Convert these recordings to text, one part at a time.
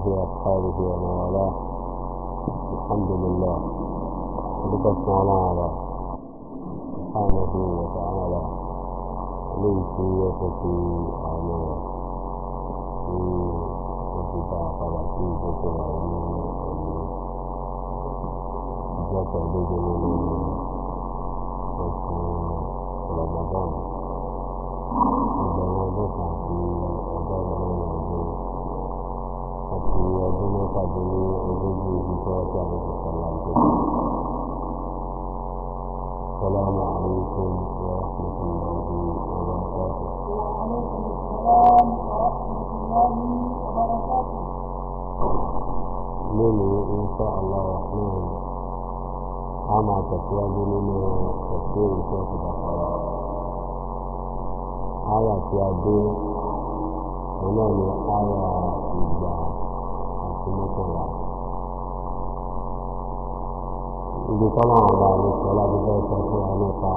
آله وأصحابه ومن والاه الحمد لله بقصنا على على سبحانه وتعالى من سيئته آمنا في وكتاب خلاصيه وكلامه جاك البدن من رمضان رمضان في أداب رمضان seperti dulu tak dulu ibu ibu yang bersalam Assalamualaikum insya Allah rahman. Ama ketua dulu ketua itu sudah salam. Ayat yang dulu mana ni ayat tidak fún wa ibi tọ́lá ọba mi sọ ládùúgbò sọ fún wa nípa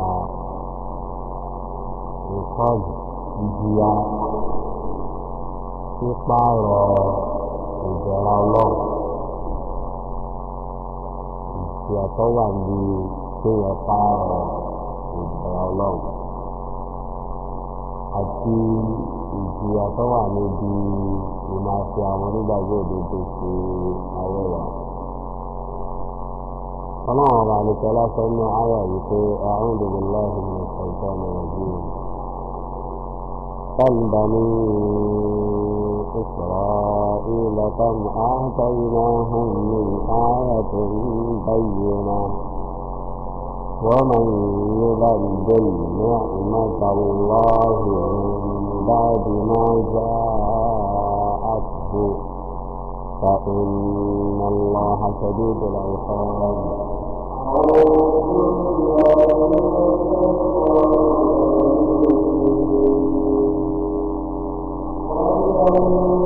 ìkọ́ọ̀dù ìjìyà pípààrọ̀ ìjọra ọlọ́run ìjìyà tó wà ní kéèyàn ìjìyà tó wà níbi ìmáṣe àwọn onígbàgbọ́ òdodo ṣe àwẹ̀wà. ọlọ́run ọba àlùkò lásán ní àyà yìí pé àwọn òdòdó lọ́hùn ní ọ̀gá ọmọ nàìjíríà. قل بني إسرائيل كم آتيناهم من آية بينة ومن يبدل نعمة الله بعد ما جاءته فإن الله شديد العقاب Thank you.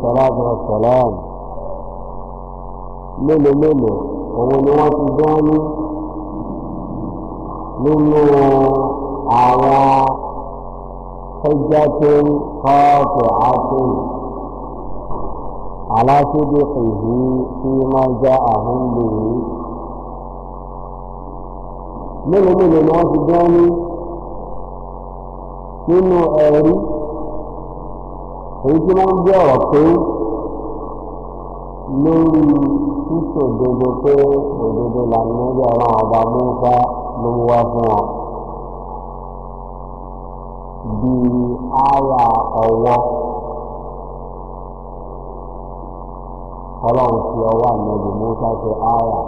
الصلاة والسلام mélòó mélòó òun ni wọ́n ti dání nínú àwọn hujjatun qati'atun ala sidqihi fima ja'ahum bihi mélòó mélòó ni wọ́n ti dání nínú ẹ̀rí èyí tí wọ́n jẹ́ ọ̀rọ̀ pé lórí sísòdodo pé òdodo lànà ẹgbẹ́ ọlọ́run ọba mọ́fà ló wá fún wọn bí ara ọwọ́ ọlọ́run fi ọwọ́ àmọ́bì mọ́fà ṣe ara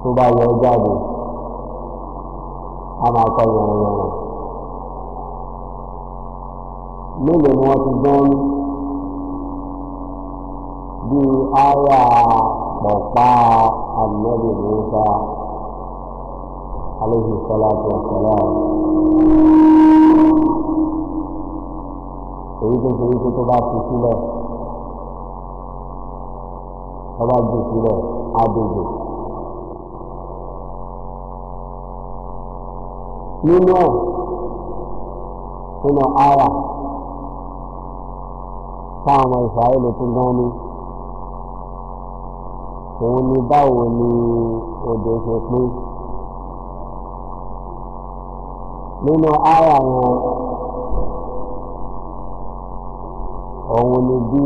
tó bá yọ jáde a máa kọ́ yẹn yẹn mélòó ni wọ́n ti gbọ́n bí ara pọ̀pá ànábì Mùsá alayhi salatu wa salam èyí tó ṣe wípé tó bá ti sílẹ̀ tó bá jù sílẹ̀ àdèjò nínú ẹ̀ nínú ara fáwọn ọmọ ìsàáìlì tó gán ni òun ni báwo ni odò ṣe pín nínú ara wọn òun ni bí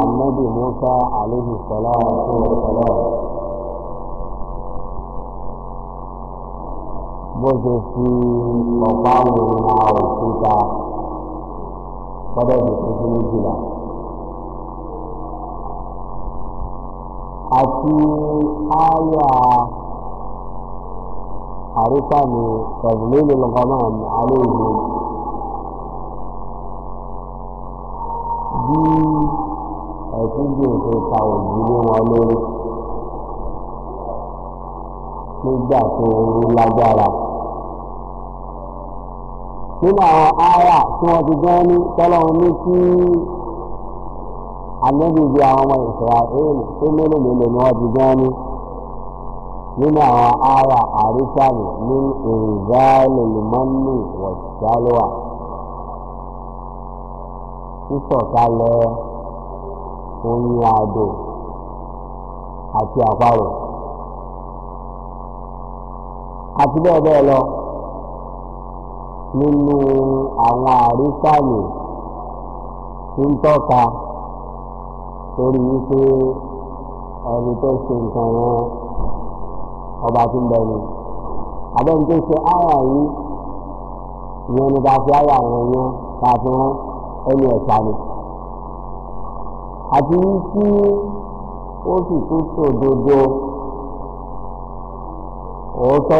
anabi musa aleyhi salam tó wọ salam bó ṣe fi ọ̀pá òun náà òkúta gbọ́dọ̀ lè fi méjìlá. àti àyà àríkà ni ẹ̀rùlélẹ̀ lọ́gọ́mọ̀ ní alẹ́ ìlú bí ẹ̀sìn bí ètò ìta òjìlé wọn lórí nígbà tó rú lágbára nínú àwọn àyà tí wọ́n ti gbọ́n ní tọ́lọ́run ní kí àlẹ́bí bí àwọn ọmọ Israel tó mélòó mélòó ni wọ́n ti gán ní nínú àwọn ara àríkàlì ní ìrìnzáàlì lùmọ́nì wọ̀ṣálùwà sísọ̀kalẹ̀ oyin àti àparò àti bẹ́ẹ̀ bẹ́ẹ̀ lọ nínú àwọn àríkàlì tí ń tọ́ka. torí wípé ẹni tó ṣe nǹkan wọn ọba tó ń bẹ ni abẹ́ni tó ṣe áyà yìí ìyẹn ni ká fi áyà wọn yẹn ká fi wọn ẹni ẹ̀ka ni àti wípé ó sì tún òótọ́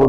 ló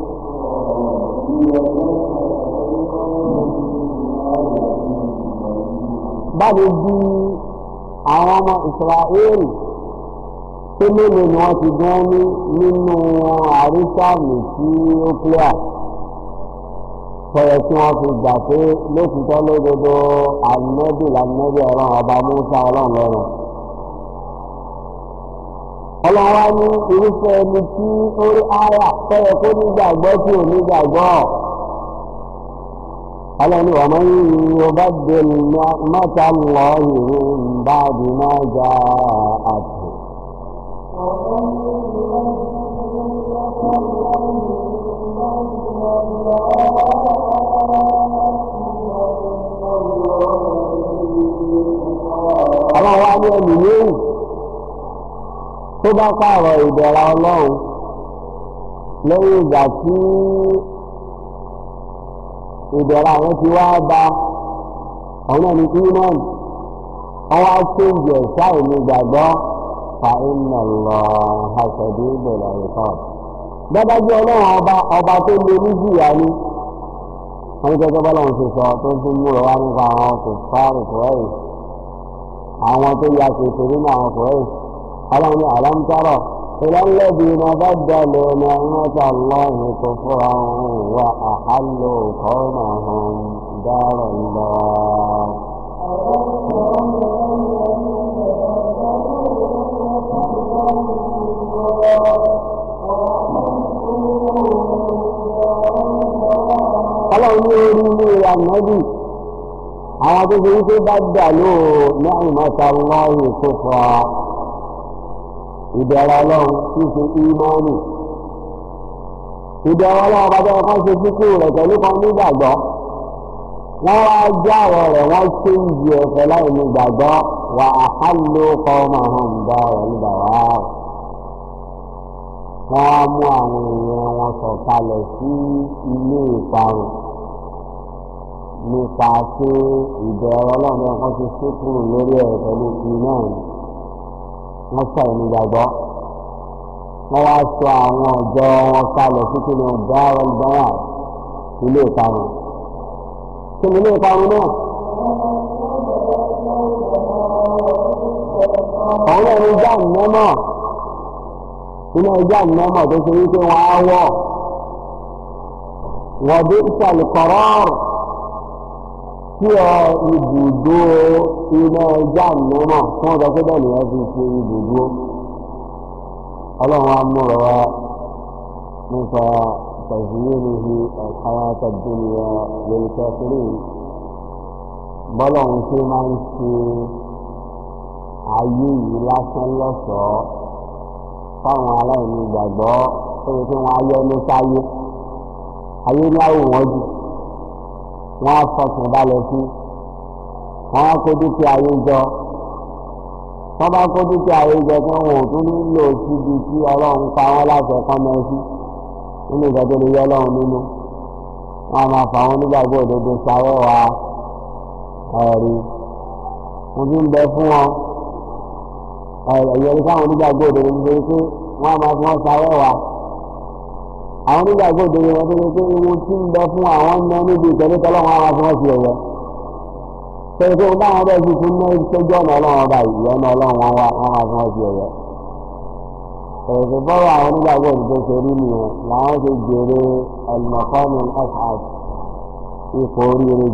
báwo bí àwọn ọmọ ìsirahéèlì tó mélòó ni wọ́n ti dán ní nínú àrísàmì tí ó kílíà sọ̀rọ̀ tí wọ́n fi gbà pé lókùtọ́ lódodo ànẹ́bì lànẹ́bì ọlọ́run ọba mú ọlọ́run lọ́rùn. ọlọ́wọ́ ní irúfẹ́ ẹni tí ó rí ara fẹ́ẹ̀ kó nígbàgbọ́ tí ò nígbàgbọ́ ọlọ́ni wà máa ń yin ọba bẹ̀rù mẹ́ta lọ ìwé ìbá di máa ja àtò. ọlọ́wọ́ ní ẹni yóò tó bá pààrọ̀ ìdẹ̀ra ọlọ́run lẹ́yìn ìgbà tí ìdẹ̀ra àwọn ti wá bá ọ̀nà ní imam wọ́n wá ṣéǹjì ẹ̀ṣá ìlú gbàgbọ́ fàínà lọ àṣẹ̀dé ìbẹ̀rẹ̀ ìfọ̀. dádájú ọlọ́run ọba ọba tó lé ní jìyà ni wọ́n gẹ́gẹ́ bọ́lọ́run ṣe sọ tó ń fi múrò wá nípa àwọn kò àwọn tó ya kòkòrò nínú àwọn kòrẹ́yì ọlọ́run àlọ́ ń tọrọ ìlọ́lẹ́bìnrin ọgọ́dọ̀ lè ní ọmọọta lọ́rùn tó fúra òun wà àhálò kọ́nà òun dára lọ. ní orí ilé ànábì àwọn tó bá dà lóò ní àyùmọ̀ta lọ́rùn tó ìbẹ̀rẹ̀ ọlọ́run tí ṣe ìmọ́ọ̀nì ìbẹ̀rẹ̀ ọlọ́run bá bẹ́ẹ̀ kan ṣe fúkú rẹ̀ pẹ̀lú kan nígbàgbọ́ wọ́n wá já ọ̀rọ̀ rẹ̀ wọ́n ṣe ìjì ẹ̀fẹ̀ láì ní gbàgbọ́ wà á hálò kọ́ ọmọ ọ̀hún bá ọ̀rọ̀ nígbà wá rẹ̀ wọ́n á mú àwọn èèyàn wọn sọ̀kalẹ̀ sí ilé ìparun nípa pé ìbẹ̀rẹ̀ ọlọ́run ẹ̀kan ṣe fúkú lórí ẹ̀ pẹ̀lú ìmọ̀ọ̀nì wọ́n sọ ẹni gbàgbọ́ wọ́n wá sọ àwọn ọ̀jọ́ wọn kalẹ̀ títí ní ọ̀dọ́ àwọn ìgbọ́nà ilé ìparun kí ni ilé ìparun náà. àwọn ẹni já ìnáná iná ẹja ìnáná tó ṣe wípé wọ́n á wọ̀ wọ́n bí ìsàlùkọ̀rọ̀ ọ̀rùn sí ọ ibùdó iná ẹja ìnáná tí wọ́n sọ pé bẹ́ẹ̀ nìyẹn fi ṣe ibùdó ọlọ́run á múra wa nípa tẹ̀síyénihi àyàtọ̀ dúnìyà lórí kẹfìrí bọ́lọ́run ṣe máa ń ṣe ayé yìí lásán lọ́sọ̀ọ́ fáwọn aláìní ìgbàgbọ́ pé kí wọ́n ayọ́ ní sáyé ayé ní àwòrán jù wọ́n á fọkàn balẹ̀ sí wọ́n á kó dúkìá yé jọ wọ́n bá kó dúkìá yé jọ tí wọ́n tún nílò síbi tí ọlọ́run pa wọ́n láti ẹ̀kọ́ mọ́ sí nínú ìgbà tó yọ ọlọ́run nínú wọ́n á máa fà wọ́n nígbàgbọ́ òdodo sáwọ́ wa ẹ̀rí mo fi ń bẹ fún wọn ẹ̀yẹ̀rí sáwọn onígbàgbọ́ òdodo nítorí pé wọ́n á máa fi wọ́n sáwọ́ wa. àwọn onígbàgbọ́ òdodo wọn tó ní pé ewu tí ń bẹ fún àwọn ọmọ níbi ìtẹ̀lé tọ́lọ́wọ́n àwọn afọ́n bá wọn bẹ́ẹ̀ sì fún ní ìtọ́jú ọ̀nà ọlọ́run ọba yìí ọ̀nà ọlọ́run àwọn onígbàgbọ́ ṣe rí nìyẹn làwọn ti ẹ̀sàt ipò oríire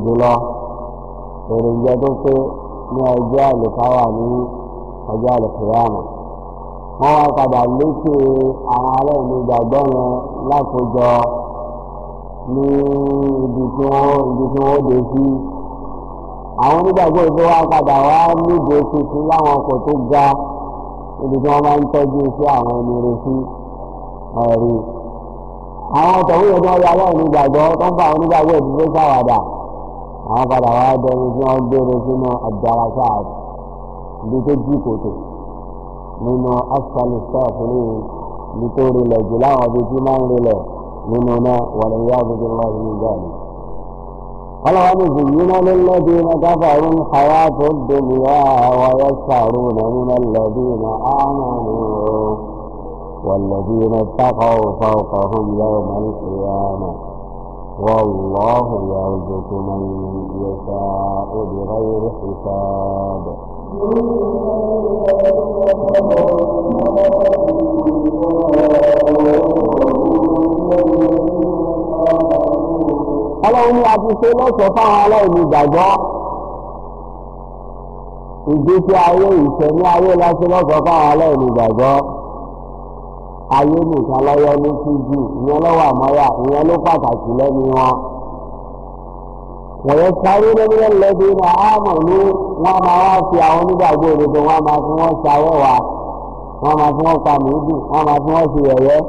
wọ́n padà lékè àwọn ìgbàgbọ́ yẹn lákòjọ ní ibi tí wọ́n ibi tí wọ́n dé sí. àwọn onígbàgbọ́ ìlú wa padà wá níbi tuntun láwọn ọkọ̀ tó ga ibi tí wọ́n máa ń tọ́jú sí àwọn ẹni rẹ̀ sí ẹ̀rí. àwọn tọ̀hún yẹn tí wọ́n yọ ará ìgbàgbọ́ tó ń bá àwọn onígbàgbọ́ ìdílé sáwàdà àwọn padà wá dẹni tí wọ́n sínú ibi tó jí ನೀನು ಅಸ್ಸಲಿಸ್ತಾಫಿಲೀನ್ ಬಿತ್ತೂರಿಲ್ಲ ಜಿಲಾವಧಿ ಮಾಡಲಿಲ್ಲ ನೀನು ಒಲೆಯಾಗುದಿಲ್ಲ ಹೀಗಾಗಿ فلقد زين للذين كفروا الحياة الدنيا ويسخرون من الذين آمنوا والذين اتقوا فوقهم يوم القيامة والله يرزق من يشاء بغير حساب ọlọ́run ní a ti ṣe lọ́sọ̀ọ́ fáwọn aláìní ìgbàgbọ́ ìgbésí ayé ìṣẹ̀mí ayé la ṣe lọ́sọ̀ọ́ fáwọn aláìní ìgbàgbọ́ ayé nìkan lọ́yọ́ ní síjú ìyẹn lọ́wọ́ àmọ́yà ìyẹn ló pàtàkì lẹ́nu wọn. ويسخرون من الذين آمنوا وما واسع ونبعدوا بدون وما سموا الشعوى وما سموا القميد وما سموا الشيئة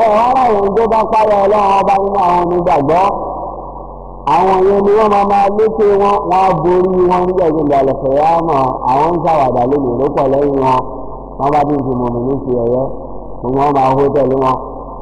ọ̀rọ̀ àwọn tó bá pààyà ọlọ́run ọba nínú àwọn onígbàgbọ́ àwọn ni wọ́n máa máa lékè wọn wọ́n borí wọn àwọn ń lónìí ló pọ̀ lẹ́yìn wọn wọ́n bá ní máa hó tẹ̀lé wọn.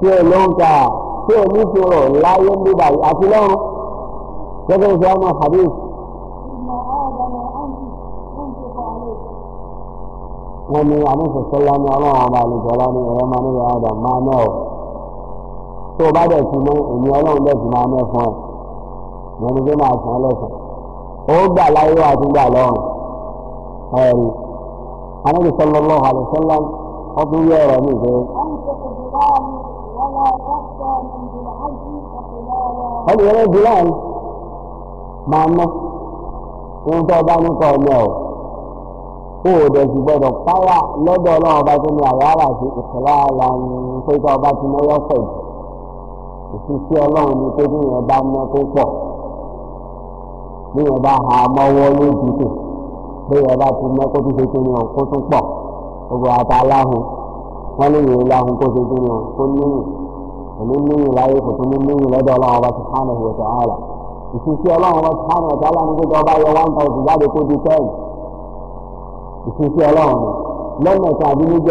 tí ò ló ń ta tí ò ní ṣòro láyé nígbà àti lọ́run gẹ́gẹ́ bí ọmọ hadith. wọ́n ní àmúṣe sọ́lá ọlọ́run ọba àlejòọ́lá ní ẹ̀rọ máa ní ìyá ọ̀dà máa náà tó o bá dẹ̀ ti èmi ọlọ́run dẹ̀ ti máa ní ẹ̀fọn ẹ̀ máa sàn lẹ́sàn ó gbà láyé wà tó gbà lọ́run ẹ̀rí ọdún yẹ هل يرى بلال مع النص wọn tó ọba nípa ọmọ ọ kó o dẹ̀ sì gbọdọ̀ páyà lọ́dọ̀ ọlọ́run ọba tó ní àyàrá sí ìpínlẹ̀ ara ń pé tó ọba ti náwó pẹ̀ jù ìṣiṣẹ́ ọlọ́run ni pé níyẹn bá mọ́ tó pọ̀ níyẹn bá ha mọ́wọ́ lójútò níyẹn bá ti mọ́ kó tó ṣe kí ni ọ̀ kó tó pọ̀ gbogbo àtàláhùn wọ́n níyẹn láhùn kó ṣe kí ni ọ̀ kó níyìn. onímú ìláyé kò tún mímú ìlọ́dọ̀ ọlọ́run ọba subhanahu wa ta'ala ìṣiṣẹ́ ọlọ́run ọba subhanahu wa ta'ala ní gbogbo ọba yọ one thousand jáde kó di ten ìṣiṣẹ́ ọlọ́run lọ́nà ẹ̀ka àbí méjì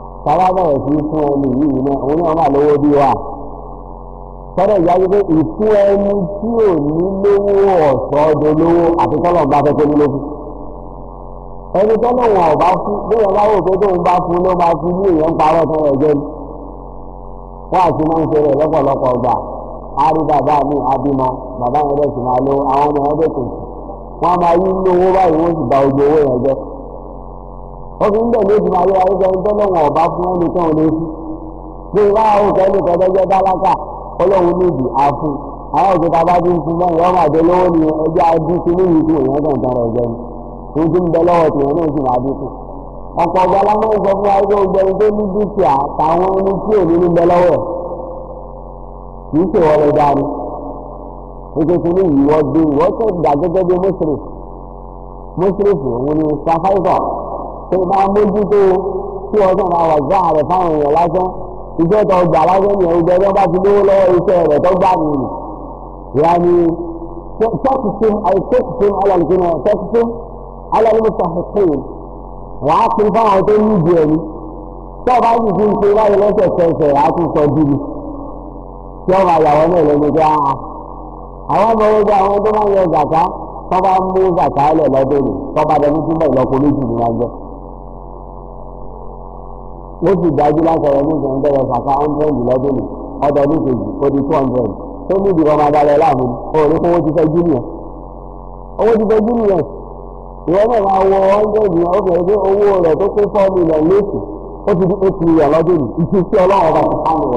tàwa bẹ̀rẹ̀ sí fún ẹni yìí náà òun náà wà lówó bí wa sọ́dọ̀ ìyá yìí pé ìfún ẹni tí ò ní lówó ọ̀sọ́ dolówó àti tọ́lọ̀ bá fẹ́ tó ní ẹni tọ́lọ̀ wọn ọ̀bá fún bóyá báwo pé tóun bá fún ló máa fún ní èèyàn parọ́ tó rẹ̀ jẹ́ ni wọ́n àti máa ń ṣe rẹ̀ lọ́pọ̀lọpọ̀ ọgbà á rí bàbá mi bàbá yẹn lo àwọn ọmọ yẹn obìnrin bẹ̀ ló dùn ayé ayé sẹ́ni tọ́lọ́ wọn ọba fún ẹnìkan ò lè fi pé wá àwọn òkè ẹnìkan lọ́jọ́ dálákà ọlọ́run àwọn òkè tàbá ń fún ni adú sí ní ìlú tó ń tọrọ ẹ̀jẹ̀ ni ohun tí ń bẹ lọ́wọ́ tìyẹn náà sì máa dín ọ̀pọ̀ ọ̀gá alámọ́rin sọ fún wa pé ọgbẹ́ni tó ní dúkìá táwọn ẹni tí ò ní ní bẹ lọ́wọ́ kì í tó bá mójútó tí ọjọ́ máa wà gbá rẹ̀ fáwọn èèyàn lásán iṣẹ́ tó gbà lásán ni ẹ̀rù bẹ́ẹ̀ bá ti lówó lọ́wọ́ iṣẹ́ rẹ̀ tó gbà nìyí. ìyá ni tọ́kùtùm àìsókùtùm alàlùkùnà tọ́kùtùm alàlùmùsàfẹ́kùn wà á pín fáwọn tó ní ìdí ẹ̀mí tó bá yìí fi ń pe láyé lọ́sẹ̀ fẹsẹ̀ á tún sọ bíbí tí ọmọ àyàwó náà lẹ́nu pé áhà àwọn ọmọ ogun àwọn tó máa ń yọ zàká tó bá mú zàká lẹ̀ lọ́dún ní tó bá dẹnu túnbọ̀ ìlọ́po méjì ní wájú. wọ́n sì dájú látọ̀rọ̀ ní ìgbọ̀n bẹ̀rẹ̀ kàkà hundred lọ́dún ní ọdọ̀ ní kejì ó two hundred tó ní ìdìbò ọmọ abalẹ̀ láàmú òní kó wọ́n junior owó ti fẹ́ junior ìwọ́n náà máa wọ hundred yẹn ó owó rẹ̀ tó kún four million ó ti di eight million lọ́dún ní sí ọlọ́run ọba ọ̀sán tí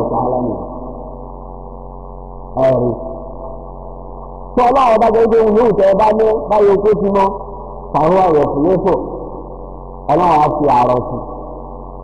ọlọ́run ọba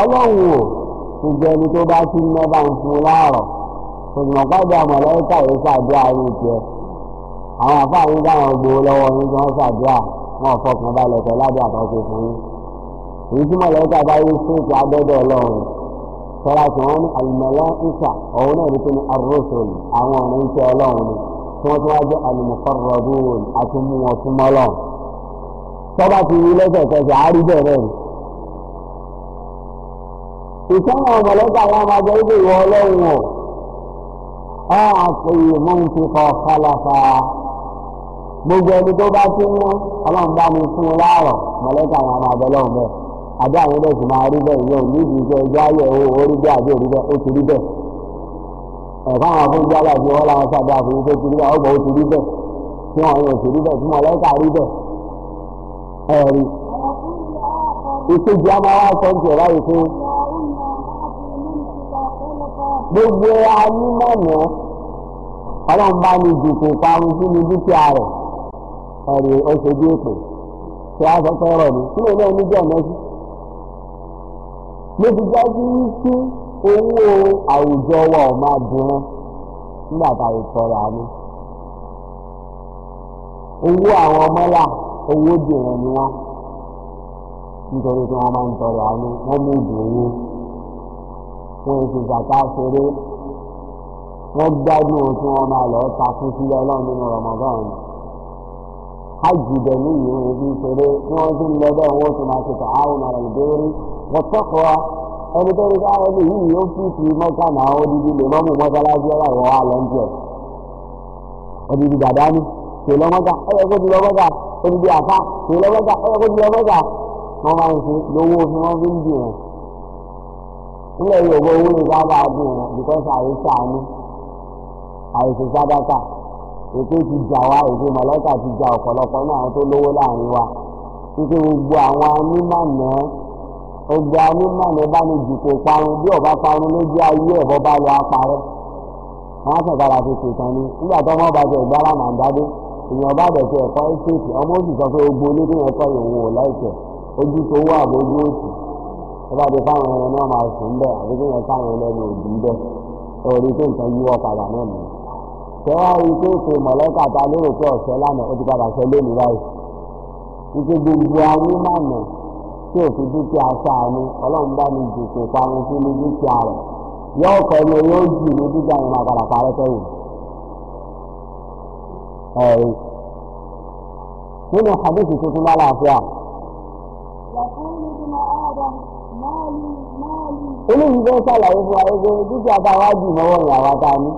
ọlọ́run ò ṣùgbọ́n ẹni tó bá ti ná a ń fún láàrọ̀ ṣùgbọ́n pàdé àmọ̀lẹ́kà yìí ṣàdúrà ní tiẹ̀ àwọn àfáàní dáhùn gbowó lọ́wọ́ yín tí wọ́n fún yín èyí tí bá yí ọlọ́run tí wọ́n ní ìṣà náà ní kí ni àwọn ọ̀nà ọlọ́run ni tí wọ́n jẹ́ àti mú wọn ìtàn àwọn mọ̀lẹ́kà wọn máa jẹ́ ibi ìwọ ọlọ́run àti gbogbo ẹni tó bá ti mọ́ ọlọ́run mi fún un láàrọ̀ mọ̀lẹ́kà wọn máa bẹ bẹ́ẹ̀ àbí àwọn ẹgbẹ́ máa rí bẹ́ẹ̀ ní ẹjọ́ bẹ́ẹ̀ àbí bẹ́ẹ̀ ó ti rí bẹ́ẹ̀ àwọn fún àti làwọn sábà tí gbogbo anyị mọ̀nà ọlọ́run bá ní ìdìbò parun sí ní dúkìá rẹ̀ ẹ̀rì oṣooṣù èpè tí wàá sọ pé ọ̀rọ̀ mi kí ló náà níjọ́ ọma ló fi jẹ́ sí wọn èsì ìgbàta ṣeré wọ́n gbádùn lọ ọlọ́run nínú Ramadan fi ṣeré tí wọ́n ti ń lọ bẹ́ẹ̀ wọ́n ti máa ṣe tààrùn ara ìbéèrè wọ́n tọ́kọ̀ ẹni tó ní káwọn ẹni yìí ó fi fi mọ́ta náà odidi lè mọ́mú mọ́sálásí ọ̀rọ̀ dàdá ni ti ilẹ̀ yorùbá owó ní sábà dùn wọn because àìsí àánú àìsí sábàtà ètò ti jà wá ti jà ọ̀pọ̀lọpọ̀ ní àwọn tó wa títí gbogbo àwọn anímọ̀nà gbogbo anímọ̀nà bá ní jùkò parun bí ọba parun lójú ayé ẹ̀bọ bá lọ aparẹ́ wọn sọ padà fi ni nígbà tó ọmọ ọba jẹ ìgbára ẹ̀kọ́ ọmọ òsì sọ pé gbogbo ẹ̀kọ́ ọba ti fáwọn ẹran náà máa sùn bẹ́ẹ̀ àbí kí wọ́n fáwọn ẹlẹ́nu òdì bẹ́ẹ̀ orí tó nǹkan yíwọ́ padà náà nù. tẹ́wọ́ rí tó ṣe mọ̀lẹ́kà ta lérò pé ọ̀sẹ̀ lánàá ó ti padà sọ lónìí báyìí. ike gbogbo anímọ̀nà tí ò fi dúkìá sáànù ọlọ́run bá mi jòkó parun sí ní dúkìá rẹ̀ yóò kọ́ ẹni yóò jù ní dúkìá yẹn máa padà parẹ́ tẹ́wò. ẹ̀rí nínú àdéhùn tuntun bá láàfin à. yàtọ̀ eléyìí bẹ́ẹ̀ ṣàlàyé fún wa ẹgbẹ́ dúkìá tá a wá jù ni àwa tá a ní.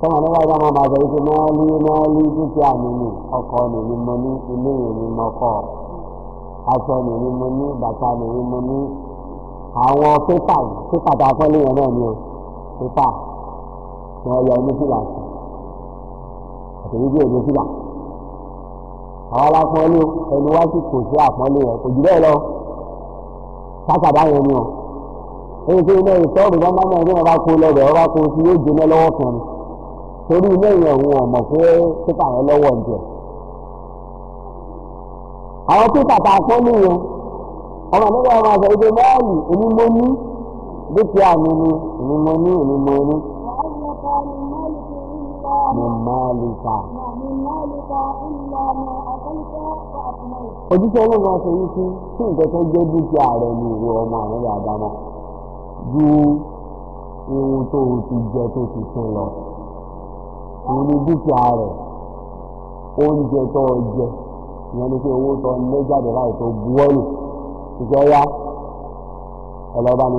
sọ́wọ́n nígbà tí a máa bàjẹ́ wípé mọ́ọ́lí mọ́ọ́lí dúkìá mi ni ọkọ mi ni mo ní ilé mi ni mo kọ́ aṣọ mi ni mo ní bàtà mi ni mo ní àwọn pépà pépà tá a fọ́ léèyàn náà ni o pépà tí wọ́n yọ ní fìlà sí àtẹ̀yí bí èdè fìlà àwọn alápọ̀nlé ẹni wá sí kò sí àpọ̀nlé rẹ̀ kò jù bẹ́ẹ̀ lọ sákàdá yẹn ni ọ ẹni pé iná ìtọ́ òrùn bá máa ní ọba kó lọ́dọ̀ ọba kó tí yóò jóná lọ́wọ́ kan torí iná ìyẹn òun ọ̀mọ̀ pé pépà yẹn lọ́wọ́ ń àwọn pépà tá a pọ́n nìyẹn ọmọ nígbà wọn àgbà ìgbé báyìí èmi ní dúkìá mi ni èmi ní èmi ní. مالك من مالك إلا ما أتيت فأتميت ojúṣe ọlọ́run aṣọ yìí sí sí nǹkan tó jẹ́ dúkìá rẹ ní ìwé ọmọ ju ohun o ti jẹ tó lọ òun ni dúkìá rẹ oúnjẹ tó o jẹ ìyẹn ni pé owó tó lé jáde láì tó ìjọ ya ẹlọ́ba ni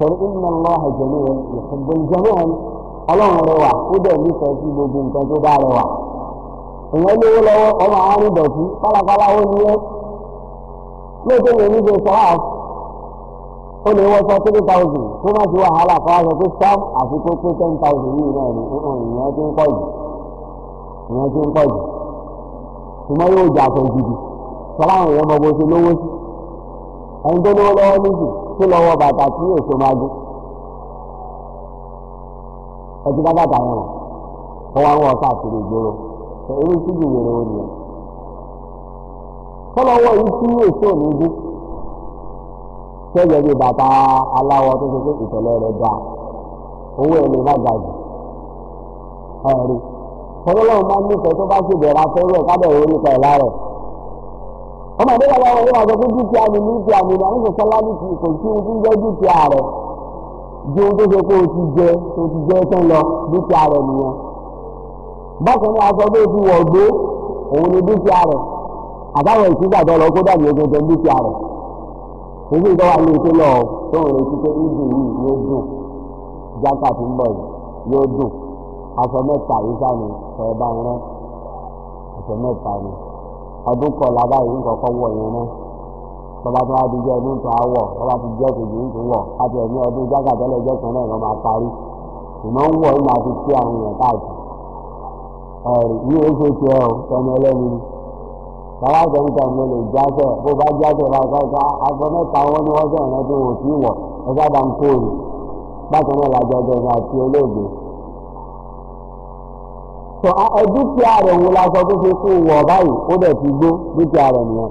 فإن الله جميل يحب الجمال ọlọ́run rẹwà ó dẹ̀ nífẹ̀ẹ́ sí gbogbo nǹkan tó bá tí lọ wọ bàtà tí èso máa dún ẹtí bá bàtà yẹn wọ wọn wọ káàkiri ìgboro èyí tí jù wèrè wọn nìyẹn kọlọwọ yìí tí èso ní dún bí bàtà tó ṣe pé owó ẹni ga jù ọmọ ìdílé wa wọlé àjọ fún dúkìá mi ní dúkìá mi náà nígbà sọlá ní ti kò sí ohun tó dúkìá rẹ ju ohun tó ṣe pé o ti jẹ o ti jẹ tán lọ dúkìá rẹ nìyẹn bákan ní aṣọ bí o ti wọ̀ gbé òun ni dúkìá rẹ àbáwọn ìṣúgbà lọ kó dàbí ogun tó dúkìá rẹ ojú ìjọ wa ní ètò lọ tó ń retí pé ìdùn yìí yóò dùn jákà tí ń bọ̀ yóò dùn aṣọ mẹ́ta yìí sáà ọdún kọlá báyìí nǹkan kọ́ wọ̀ yẹn náà bàbá tó wá di jẹ́ ọdún tó àwọ̀ bàbá ti jẹ́ kejì ń tó wọ̀ láti ẹ̀mí ọdún jágà jẹ́ kan náà lọ́ máa parí ìmọ̀ ń wọ̀ yìí máa fi kí àwọn èèyàn káàkiri yìí ó ṣe tiẹ̀ o tẹnu ẹlẹ́ni ni bàbá àgbẹ̀ni kan ló lè jáṣẹ̀ bó bá jáṣẹ̀ bá káká aṣọ mẹ́ta wọn ni wọ́n fẹ́ràn tó wò sí wọ̀ ẹ sábà ń kóòrè sọ dúkìá rẹ̀ wò la sọ pé ṣe kó wọ̀ báyìí ó dẹ̀ ti gbó dúkìá rẹ̀ nìyẹn.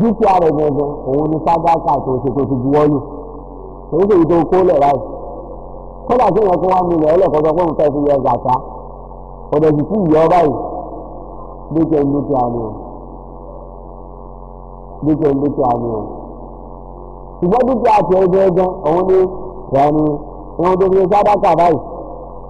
dúkìá rẹ̀ gbọ̀ngàn òun ni sádákà tó ṣe tó ti buwọ́lù èyí tó yí tó kó lẹ̀ báyìí. kódà tí èèyàn fún wa ní ilẹ̀ ẹlẹ́kọ̀ọ́ sọ pé òun fẹ́ yẹ gàtá ọ̀dọ̀ sì fún ìyọ́ báyìí dúkìá dúkìá ni o dúkìá dúkìá ni o ṣùgbọ́n dúkìá tiẹ̀ gbẹ̀ngàn òun ni ìyá wọn tó fi sádákà báyìí.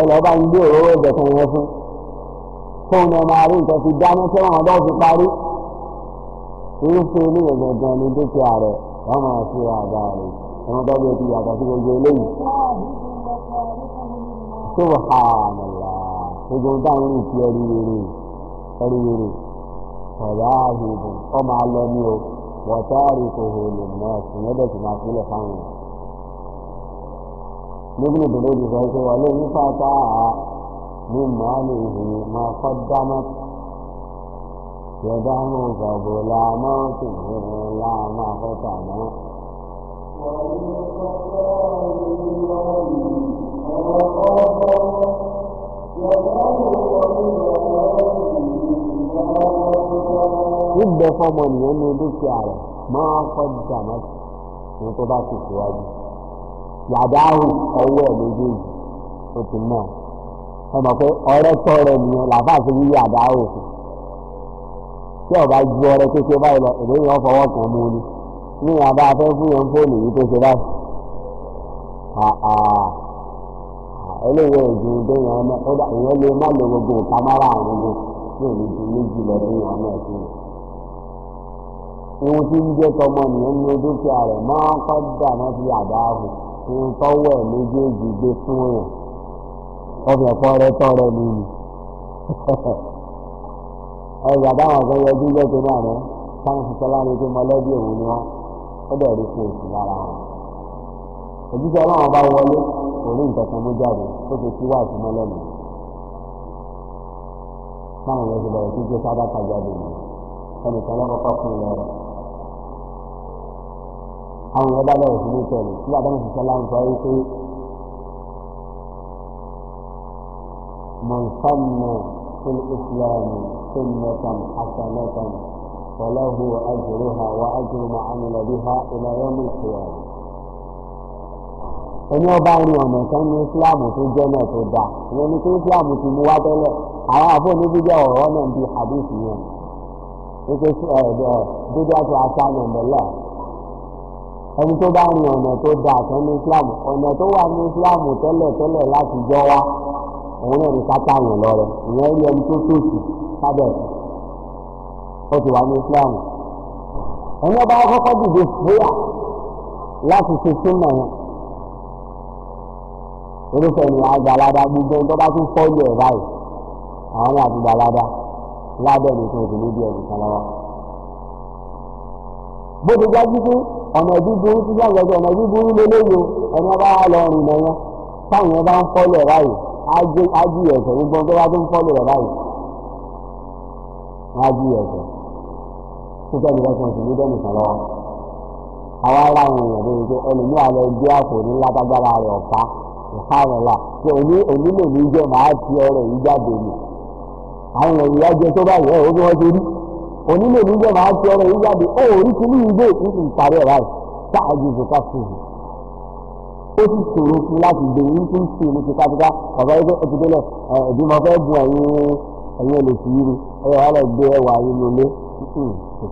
ẹlọ́ba ń gbé òróró ìbẹ̀sẹ̀ yẹn fún fóun ẹ̀ máa rí nǹkan fi dáná tí wọ́n bá fi parí irúfẹ́ ilé ìgbọ̀ngàn ní dúkìá rẹ̀ wọ́n máa fi àgbà rẹ̀ ẹ̀wọ̀n tó bí o ti yàtọ̀ sí gbogbo eléyìí. sọ́wọ́ àmàlà gbogbo ń dáhùn ní ìfi ẹ̀rí wèrè ẹ̀rí wèrè ọ̀rá àhìbùn ọmọ alẹ́ ní o wọ́tá àríkò hòlù náà ìyẹn bẹ̀ sì máa sílẹ̀ fáwọn lóbìnrin òdòdó ti sọ pé wọlé nípa ta ní màálù ìhìn máa kọ́ dáná yọ̀dá náà sọ̀bù làánà sì ní làánà àkọ́tà náà. Ibẹ̀ fọmọ nìyẹn ní dúkìá rẹ̀ máa kọ́ dáná ní tó bá ti síwájú. yàdá àrùn ọwọ́ ẹ̀ otu ma ti mọ̀ ẹ mọ̀ pé ọ̀rẹ́ tọ́ rẹ làbá àti wíwí yàdá àrùn tí ọba ju tó ṣe kan mú ni ní yàrá afẹ́ fún yẹn fóònù yìí tó ṣe báyìí eléyìí ẹ̀jú déyàn ọmọ ó dà ìyẹn lè má lè gbogbo kámárà àwọn ọmọ ju méjì lọ ohun tí ń jẹ́ fi tọ́wọ́ ẹ̀ méjèèjì gbé fún èèyàn ọbẹ̀ tọrọ báwọn kan yọjú lẹ́gbẹ̀ẹ́ náà rẹ táwọn ṣiṣẹ́ òun ni wọ́n ó fún lára wọn òjíṣẹ́ ọlọ́run bá wọlé nǹkan kan mú jáde ó ti táwọn yẹn ti bẹ̀rẹ̀ sí àwọn èèyàn bá lọ́wọ́ sí ní tẹ̀lé tí bàbá mi sọ láǹfà yìí pé mọ̀nsánmọ̀ fún ìsìláàmù fún mẹ́tàn àtàmẹ́tàn فله أجرها وأجر ما عمل بها إلى يوم القيامة ẹni ọba ẹni ọ̀nà kan ní islámù tó jẹ́ náà tó dáa ìyẹn ni pé islámù ti mú wá tẹ́lẹ̀ àwọn àbọ̀ oníbíjà ọ̀rọ̀ náà ń bi yẹn ẹni tó bá rin ọ̀nà tó da àtọ́ ní islam ọ̀nà tó wà ní islam tẹ́lẹ̀ tẹ́lẹ̀ láti jọ wá òun náà ní kápá yàn lọ́rẹ̀ ìyẹn rí ẹni tó tòṣì sábẹ̀ ó ti wà ní islam ẹni ọba kọ́kọ́ dìde fúyà láti ṣe súnmọ̀ yẹn irúfẹ́ ni àgbàlada gbogbo tó bá tún fọ́ọ̀lù ẹ̀ báyìí àwọn àtìgbàlada lábẹ́ nìkan òsì níbi ẹ̀ nìkan lọ́wọ́ bó ti gbájú pé ọ̀nà búburú tí lágbàdo ọ̀nà búburú lélẹ́yìn ẹni ọba wa dị rìn lọ́yọ́ táwọn yẹn bá ń fọ́lọ̀ báyìí ọrụ ọrụ ẹ̀sẹ̀ gbogbo tó tó ń báyìí ẹ̀sẹ̀ tó tẹ́lẹ̀ dẹ́nu àwa ara àwọn èèyàn alẹ́ gbé àpò ní rẹ̀ ọ̀pá onílé mi jẹ́ máa ti ọ̀rọ̀ yìí jáde ó rí ti ní ilé ìpínlẹ̀ ìparí ẹ̀rá yìí ṣáàjú ìṣèkà sí i ó sì ṣòro fún láti gbé tó ń ṣe ní bàbá yìí ó ti délẹ̀ ẹ̀bí fẹ́ bu olùsí yìí wà gbé ẹwà yìí lólé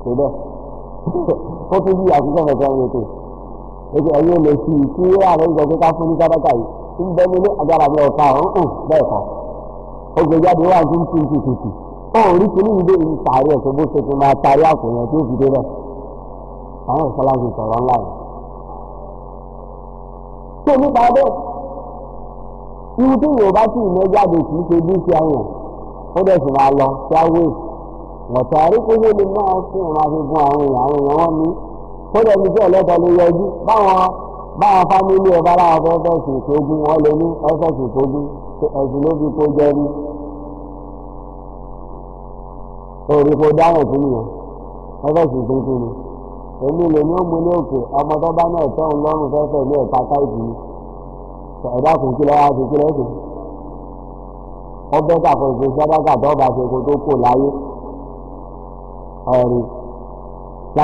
kò bẹ́ẹ̀ ó tún bí ètò olùsí yìí kí pé ká ọ̀rí kìíní ìdè yìí tààrí ẹ̀ tó bó ṣe fi máa tààrí àkùnrin tí fi dé rẹ̀ àwọn ìṣọ́láṣí sọ̀rọ̀ ńlá yìí. tó nípa bẹ́ẹ̀ irú tí yorùbá sì ní jáde kì í ṣe bí ti àwọn ó dẹ̀ sì máa lọ sí awé ọ̀tọ̀ àríkóyè lè náà sí ìrìn àfikún àwọn èèyàn àwọn èèyàn wọn ní ó dẹ̀ ní sí ọ̀lẹ́tọ̀ ló yọjú báwọn báwọn fámílì ẹ̀ bá láwọn fẹ́ fẹ́ sèkógún wọn lè ní ẹ orí kò dáhùn sí nìyẹn ẹgbẹ́ sì tuntun ni èmi lè ní òmùlé òkè ọmọ tó bá náà tẹ́hùn lọ́rùn fẹ́fẹ́ ní ẹ̀ka káìsì ni ẹ̀dá kò kí lọ́wọ́ àti kí na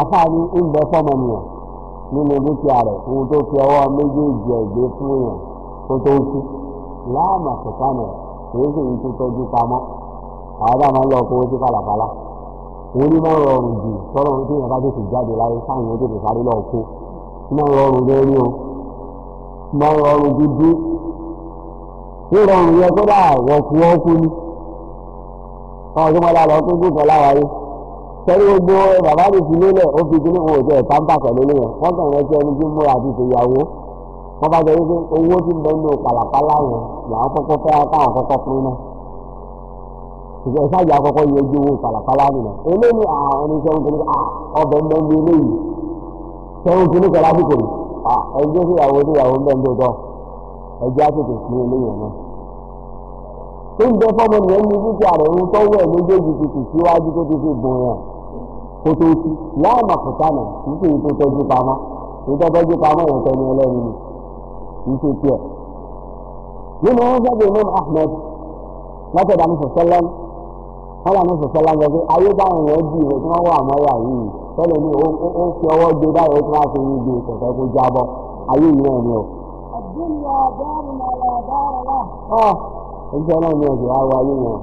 àfààní ilẹ̀ fọmọnìyàn nínú dúkìá rẹ̀ ohun tó fi ọwọ́ méjèèjì ẹ̀gbẹ́ fún èèyàn tó tó ń tú láàmà kẹsàn-án rẹ̀ kìí sì ń tó tọ́jú pamọ́ àwọn bá máa ń lọ sí jáde láyé ó tètè sáré máa ọrụ dị ni o máa rọrùn dúdú rírọrùn yẹ kó dáa wọ̀kú ọkú ni káwọn tó padà lọ pé gbùkọ̀ láwa ya. sẹ́ni ọgbọ bàbá mi fi lélẹ̀ ó fi kíní òun òtẹ́ pàmpà pẹ̀lú lẹ́yìn wọ́n kàn rántí ẹni tí ń sẹ́wọ́n kí ní kọ́ lásìkò yìí ẹgbẹ́ síyàwó níyàwó ń bẹ́ẹ̀ ń tó ẹgbẹ́ àtètè sí eléyìí náà. tó ń jẹ fọ́mọ nìyẹn ní dúkìá rẹ̀ ń tọ́wọ́ ẹ̀ méjèèjì tètè síwájú tó ti fi bùn yàn kó tó ti láàmà kùtà nà kì í ṣe èyí tó tọ́jú pamọ́ èyí tó tọ́jú pamọ́ yẹn tẹ́ni ẹlẹ́ni ni kì í ṣe tiẹ̀. nínú wọn fẹ́ imam ahmed látọ̀dá ní sọ̀sẹ́lẹ́m wọn là ní sọ̀sẹ́lẹ́m lọ pé ayé báwọn yẹn bí ìwé tí wọ́n wà mọ́ wà yìí tẹ́lẹ̀ ní ó fi ọwọ́ gbé báyìí tí wọ́n fi ń gbé kẹ̀kẹ́ kó jábọ́ ayé yìí náà ni o. ọ̀ ẹgbẹ́ náà ni ọ̀sẹ̀ àwọn ayé yẹn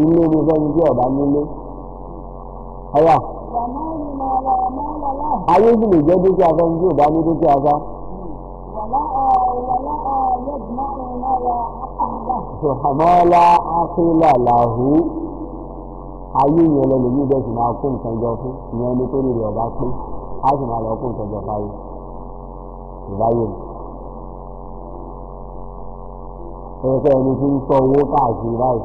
ilé ni fẹ́ni tí ọ̀bá nílé. ọ̀yà ayé sì lè jẹ́ dúkìá fẹ́ni tí ọ̀bá ní dúkìá sá. Sọ̀hámọ́lá Akílà làhú ayé yẹn lọ lèmi bẹ́ẹ̀ sì máa kó nǹkan jọ fún ìyẹn ní tó nílò ọ̀gá pé a sì máa lọ kó nǹkan jọ fáyé ìbáyé mi. ẹ̀fẹ́ ẹni tí ń sọ owó káàkiri báyìí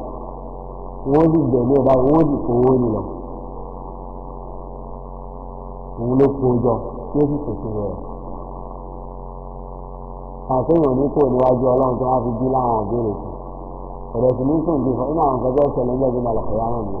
wọ́n sì gbẹ̀mí ẹ̀ báyìí wọ́n sì kó owó nì lọ. òun ló kó jọ tí ó sì pèsè rẹ̀. àtúnyàn ní kò níwájú ọlọ́run tó wá fi bí láwọn àgbèrè sí. ẹ̀rẹ̀ sì ní sùn bí fún inú àwọn ń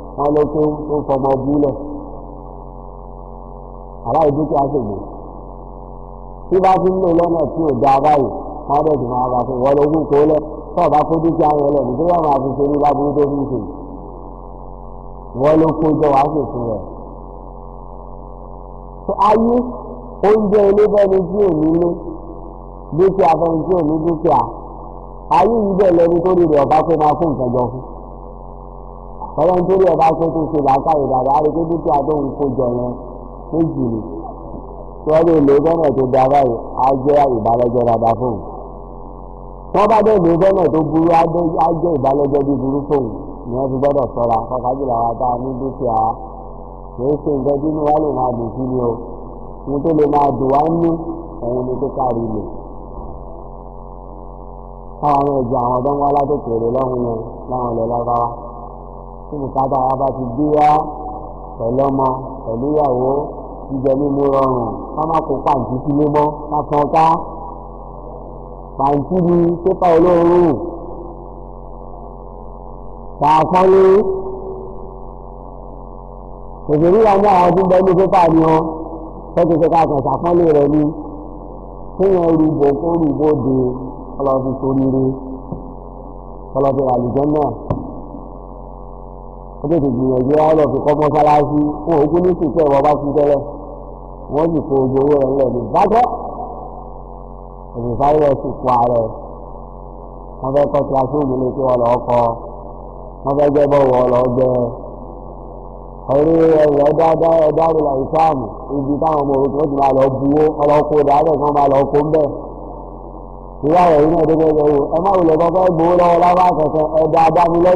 wọ́n lọ tó tó fọmọ búlẹ̀ aláì dúkìá sì gbé tí bá ti ń lò lọ́nà tí ò dáa báyìí wọ́n dẹ̀ sì máa bá fún ìwọ́n lójú kó lẹ̀ tó ọ̀bá kó dúkìá yẹn lẹ̀ nítorí wọ́n máa fi ṣe ní lábúrú tó fi ṣe ìwọ́n ló kó jọ wá sì fún rẹ̀. ayé oúnjẹ olóbẹ́ni tí ò nílé dúkìá fẹ́ni tí ò ní dúkìá ayé yìí bẹ̀ lẹ́ni tó lè rẹ̀ ọ̀bá kó máa fún nǹkan fún. ọlọ́run tó rí ọba tó tún ṣe làákà ìdàgbà rí pé dúkìá tó kó jọ yẹn bọ́nà tó da báyìí á jẹ́ ìbálẹ́jọ́ dáadáa fóun tí bá dẹ̀ lò bọ́nà tó burú á jẹ́ ìbálẹ́jọ́ fóun ni ní dúkìá ṣe nǹkan tí wa o ohun tó lè máa dùn wá ní ni káwọn ẹ̀jẹ̀ àwọn ọ̀dọ́ ń wá látòkèrè lọ́hùn tí bùkátà wa bá ti dé wá pẹ̀lú ọmọ pẹ̀lú ìyàwó jíjẹ mímu rọrùn ká má kó pàǹtí sílé mọ́ lásán ká pàǹtí ni pépà olóòórùn tààpọ́nlé òṣèlú wa ní àwọn tó ń ní pépà ni wọn tọ́jú pé káàkiri ṣàpọ́nlé rẹ ni kéèyàn rúbọ kó rúbọ de ọlọ́fi sóríire ọlọ́fi àlùjọ náà ó tètè gbìyànjú wọn lọ fi kọ́ mọ́sálásí wọn ò kú ní sùkú ẹ̀rọ bá sí tẹ́lẹ̀ wọ́n sì kó ojú owó rẹ̀ lẹ̀ ní bàjẹ́ òṣìṣẹ́ sáré rẹ̀ sì kú ààrẹ wọ́n fẹ́ kọ́ kíláàsì òmìnira tí wọ́n lọ́ọ́ kọ́ wọ́n fẹ́ gbẹ́ bọ́ọ̀wọ́ lọ́ọ́ gbẹ orí ẹ̀rọ dáadáa ẹ̀dá ìlà ìsáàmù ibi táwọn ọmọ òkú ti máa lọ buwó ọlọ́kọ dáadọ̀ kan máa lọ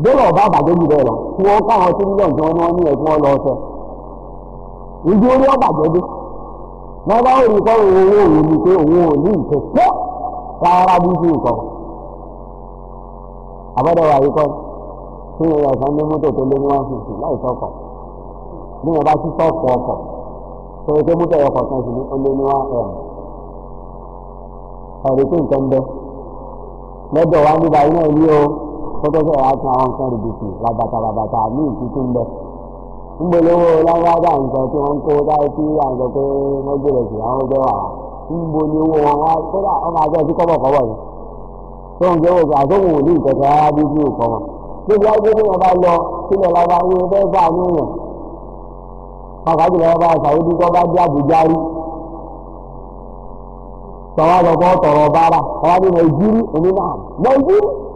bẹ́ẹ̀ ọba àbàjẹ́ jù bẹ́ẹ̀ lọ tí wọ́n káwọn tí ń lọ gan ọ́nà ní ẹ̀gbọ́n lọ sọ ìdí orí ọbàjẹ́ dé wọ́n bá òun kọ́ òun owó pé òun ò ní pé rárá bí nǹkan wà ní tó lé ní láì bí bá tó yẹ kan sì ní ní kọ́tọ́tọ́ wa tún àwọn nǹkan rìbìtì làbàtà làbàtà ní ìtútù ń bẹ. ń gbólówó lágbádá nǹkan tí wọ́n kó sí pé gbèrè sí àwọn wà ń owó wọn wá kódà máa sí tó ń ní bí bí wọn. bá lọ ní bá ní tó bá dé àbújá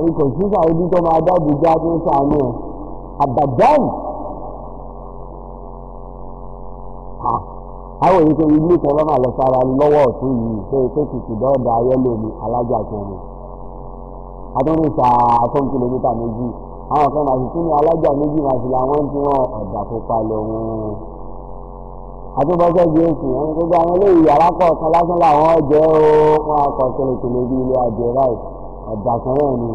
ẹ̀yin kò sí sàwọ́dí tó máa dáàbò já tó ń sàánú ẹ̀ àbàjáì àwọn èyí tó ń gbé kan lọ́nà lọ sára lọ́wọ́ ọ̀tún yìí pé pé kìkì dọ́ọ̀dà ayẹ́lò ni alájà kan ni adọ́rin sa àtọ́n kìlómítà méjì àwọn kan láti tún ní alájà méjì láti làwọn tí wọn ọ̀dà tó palẹ̀ wọn àtúbọ̀sẹ̀ bí èsì ẹni gbogbo àwọn eléyìí alákọ̀ọ́kan lásán làwọn jẹ́ ó wọn akọ̀ kìlìkìlì bí ilé adìẹ báyìí ọ̀dà kan náà ni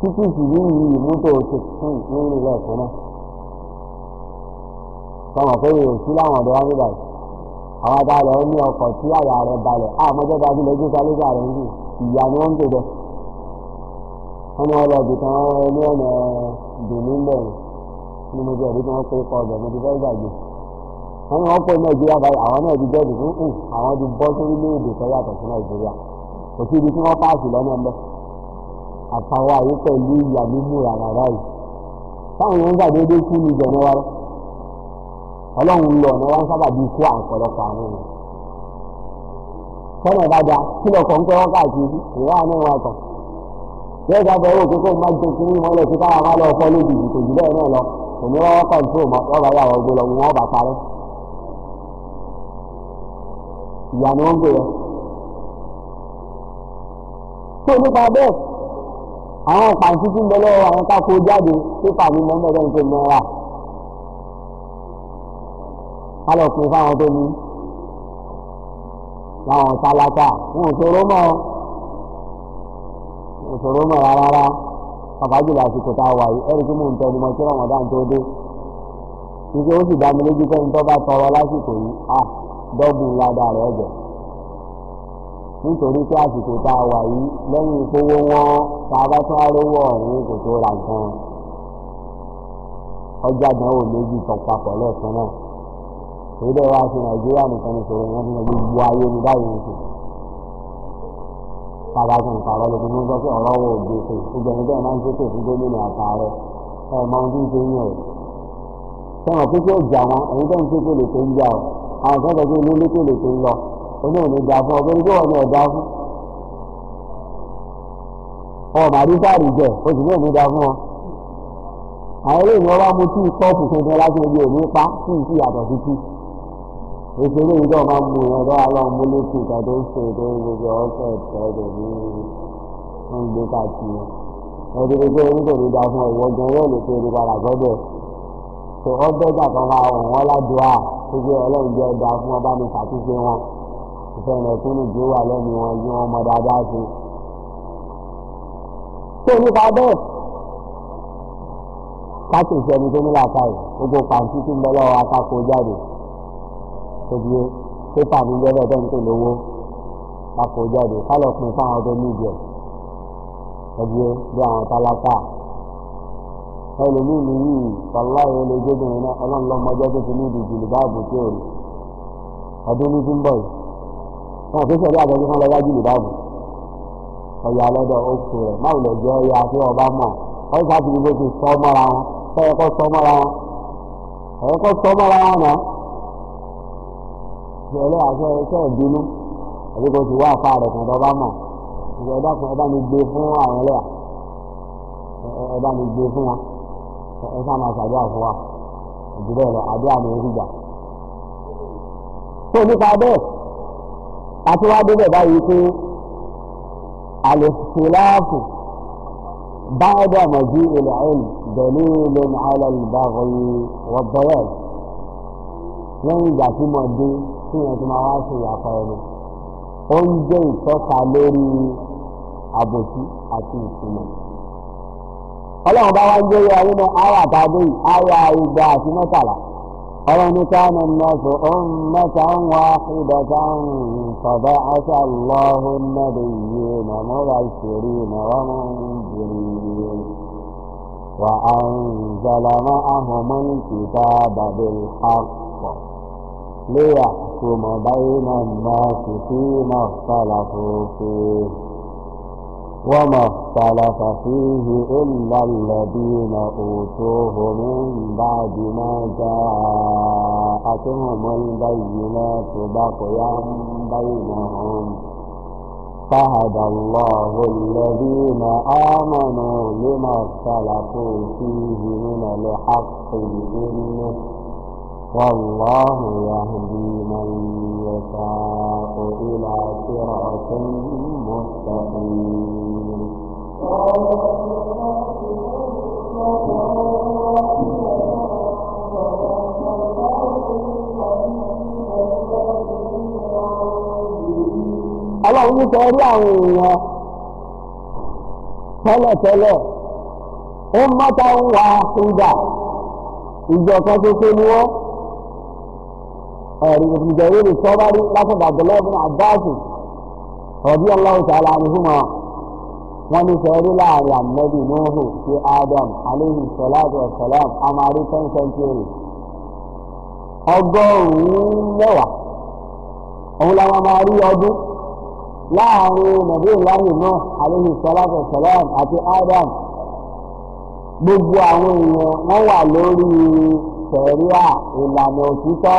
títí ìsìnkú yìí mọ́tò sixteen nínú ilé ẹ̀kọ́ náà sọmọ pé èyí sí láwọn ọ̀dọ́ wa nígbà yìí àwọn adarí ọ ní ọkọ̀ tí àyà rẹ̀ balẹ̀ àmọ́jọ́ dájú lójú sálẹ́jà rẹ̀ ń jù ìyá ni wọ́n ń gbèdọ̀ ọmọ ọlọ́ọ̀dì kan ní ọ̀nà dùnú lẹ́yìn ní mo jẹ́ ẹ̀rí tí wọ́n pé kọ́ ọ̀dọ̀ mo ti fẹ́ gbàgbé wọ́n ní wọ́n pè Nàìjíríà báyìí àwọn náà ti jẹ́ ìdìbò àwọn ti bọ́ sórílẹ̀-èdè tó yàtọ̀ sí Nàìjíríà kò sí ibi tí wọ́n páàsì lọ́nà ń bẹ́ àtàwọn àyè pẹ̀lú ìyà mímú rárá báyìí táwọn èèyàn gbàdédé kú ní ìjọ̀nà wa rẹ̀ ọlọ́run lọ ọ̀nà wa ń sábà bí ikú àpọ̀lọpọ̀ àwọn èèyàn sọ́nà ìbàdà kílọ̀ kan pé wọ́n káàkiri ìwà àná ìwà kan yóò gbà bẹ̀rù òkú kó má jẹ kí ní ìmọ̀lẹ̀ tí káwọn má lọ fọ́ lójú ìdìbò jù bẹ́ẹ̀ náà lọ òní wọ́n kọ̀ǹtò wọ́n bá yà wọ́n gbé lọ wọ́n bá parẹ́ ìyá ni wọ́n gbé lọ tó nípa bẹ́ẹ̀ àwọn pàǹtí tí ń bẹ lọ́wọ́ àwọn tako jáde pépà ní mọ́mọ́dé nǹkan mọ́ra ká lọ fún fáwọn tó ní láwọn tálákà wọn ò ṣòro mọ́ ò ṣòro mọ́ rárá pàpàjùlọ àsìkò tá a wà yìí ẹ̀rí tí mò ń tẹnu mọ́ sí ọmọdé àti ọdẹ nígbà ó sì dá mi lójú pé ń tọ́ bá tọrọ lásìkò yìí à ládàá rẹ̀ ọ̀jẹ̀ nítorí pé àsìkò tá a wà yìí lẹ́yìn ìpowó wọn tá bá tún aróówó ọ̀hún kò tó ra gan ọjà àdánwò méjì tọpapọ̀ lẹ́ẹ̀kan náà èyí bẹ́ẹ̀ wá sí nàìjíríà nìkan ní sọ̀rọ̀ ìyẹn fún gbogbo ayé ní báyìí nìkan bàbá kan ìpàrọ̀ lóko ní sọ pé ọ̀rọ̀ wo òde ṣe ìgbẹ̀ni bẹ́ẹ̀ máa ń ṣe tòfin gómìnà àtàrẹ ẹ̀ mọ ohun tí ń ṣe yín ẹ̀ sọ̀rọ̀ pé kí wọn èyí bẹ́ẹ̀ ń ṣe pé lè tó ń jà ọ̀ àwọn sọ́dọ̀ pé ilé lé pé lè tó ń lọ òun ò lè fún ọ torí pé wọn fún ọ màrí sáàrì jẹ oṣù náà ló fún ọ àwọn eléyìí wọn bá mú tí pọ́ọ̀pù tuntun láti ibi òní pa tí ì sí sí tí èso eléyìí tó mú yẹn lọ́wọ́ aláwọ̀ mú létí ìta ṣe tó gbogbo ọ̀sẹ̀ ẹ̀tọ́ ní ń gbé káàkiri ẹ̀dọ̀ tó ṣe oníkòrí dá fún ọ̀wọ́ gan yóò lè ṣe èrè padà sọ́dọ̀ tó ọgbẹ́gbà kan máa wọ̀n wọ́n ládùúà tó ọlọ́run jẹ́ ẹ̀dá ìfẹ́ rẹ̀ tó ní gbé wà lẹ́nu wọn yí wọn mọ dáadáa ṣe. tó nípa bẹ́ẹ̀ káṣí ìṣẹ́ni tó ní làákàyè gbogbo pàǹtí tó ń bẹ lọ́wọ́ akáko jáde tó bí pépà mi jẹ́lẹ̀ tó ń pè lówó akáko jáde kálọ̀ pin fáwọn tó ní ìdí ẹ̀ tó bí àwọn tálákà ẹlòmíì nìyí wàláyé olójóbìnrin náà tó ti ní ìdí jùlọ báàbò rí ọdún ní ń bọ̀ yìí. wọn fi sọ̀rọ̀ àgbẹ̀ nípa lọ́wájú ìbáàbò ọ̀yà lọ́dọ̀ oṣù rẹ̀ máa lọ jẹ́ ọ̀yà tí ọba mọ̀ ọ̀yà sábà ní bó sọ mọ́ra wọn ẹ̀yẹ kọ́ sọ àti wá débẹ̀ báyìí pé àlèfìláàfù báyọ̀dọ̀ mọ̀jú ilẹ̀ ẹ̀lì pẹ̀lú lẹ́nu alẹ́lùbáwọ̀nyí rọ̀bẹ̀rẹ̀ lẹ́yìn ìgbà tí mo dé tí yẹn ti máa wá sí ìyàpá ẹni ó ń jẹ́ ìtọ́ka lórí àbòsí àti ìtumọ̀ ọlọ́run bá wá ń jẹ́ ayé náà áyà tàbí áyà igba àti mẹ́tàlá ألم كان الناس أمة واحدة فبعث الله النبيين مبشرين ومنذرين وأنزل معهم الكتاب بالحق ليحكم بين الناس فيما اختلفوا فيه وما اختلف فيه إلا الذين أوتوه من بعد ما جاءتهم البينات بقيا بينهم فهدى الله الذين آمنوا لما اختلفوا فيه من الحق بإذنه والله يهدي من يشاء إلى صراط مستقيم ọlọ́run ní sọ rí àwọn èèyàn tẹ́lẹ̀tẹ́lẹ̀ ó mọ́ta ń wà fún ìgbà ìjọ kan tó pé ní wọ́n ẹ̀rí ibùdó jẹ̀rẹ̀ lè sọ́ọ́ bá rí látọ̀dọ̀ Abdullahi bin Abbas radiyallahu ta'ala anhuma wọ́n ní sẹ́rí láàrin ànábì Nuhu sí Adam alayhi salatu wa salam amari ten century ọgọ́rùn-ún mẹ́wàá òun la máa rí ọdún láàrin nàbí ìlànà náà alayhi salatu wa salam àti Adam gbogbo àwọn èèyàn wọ́n wà lórí sẹ̀ríà ìlànà òtítọ́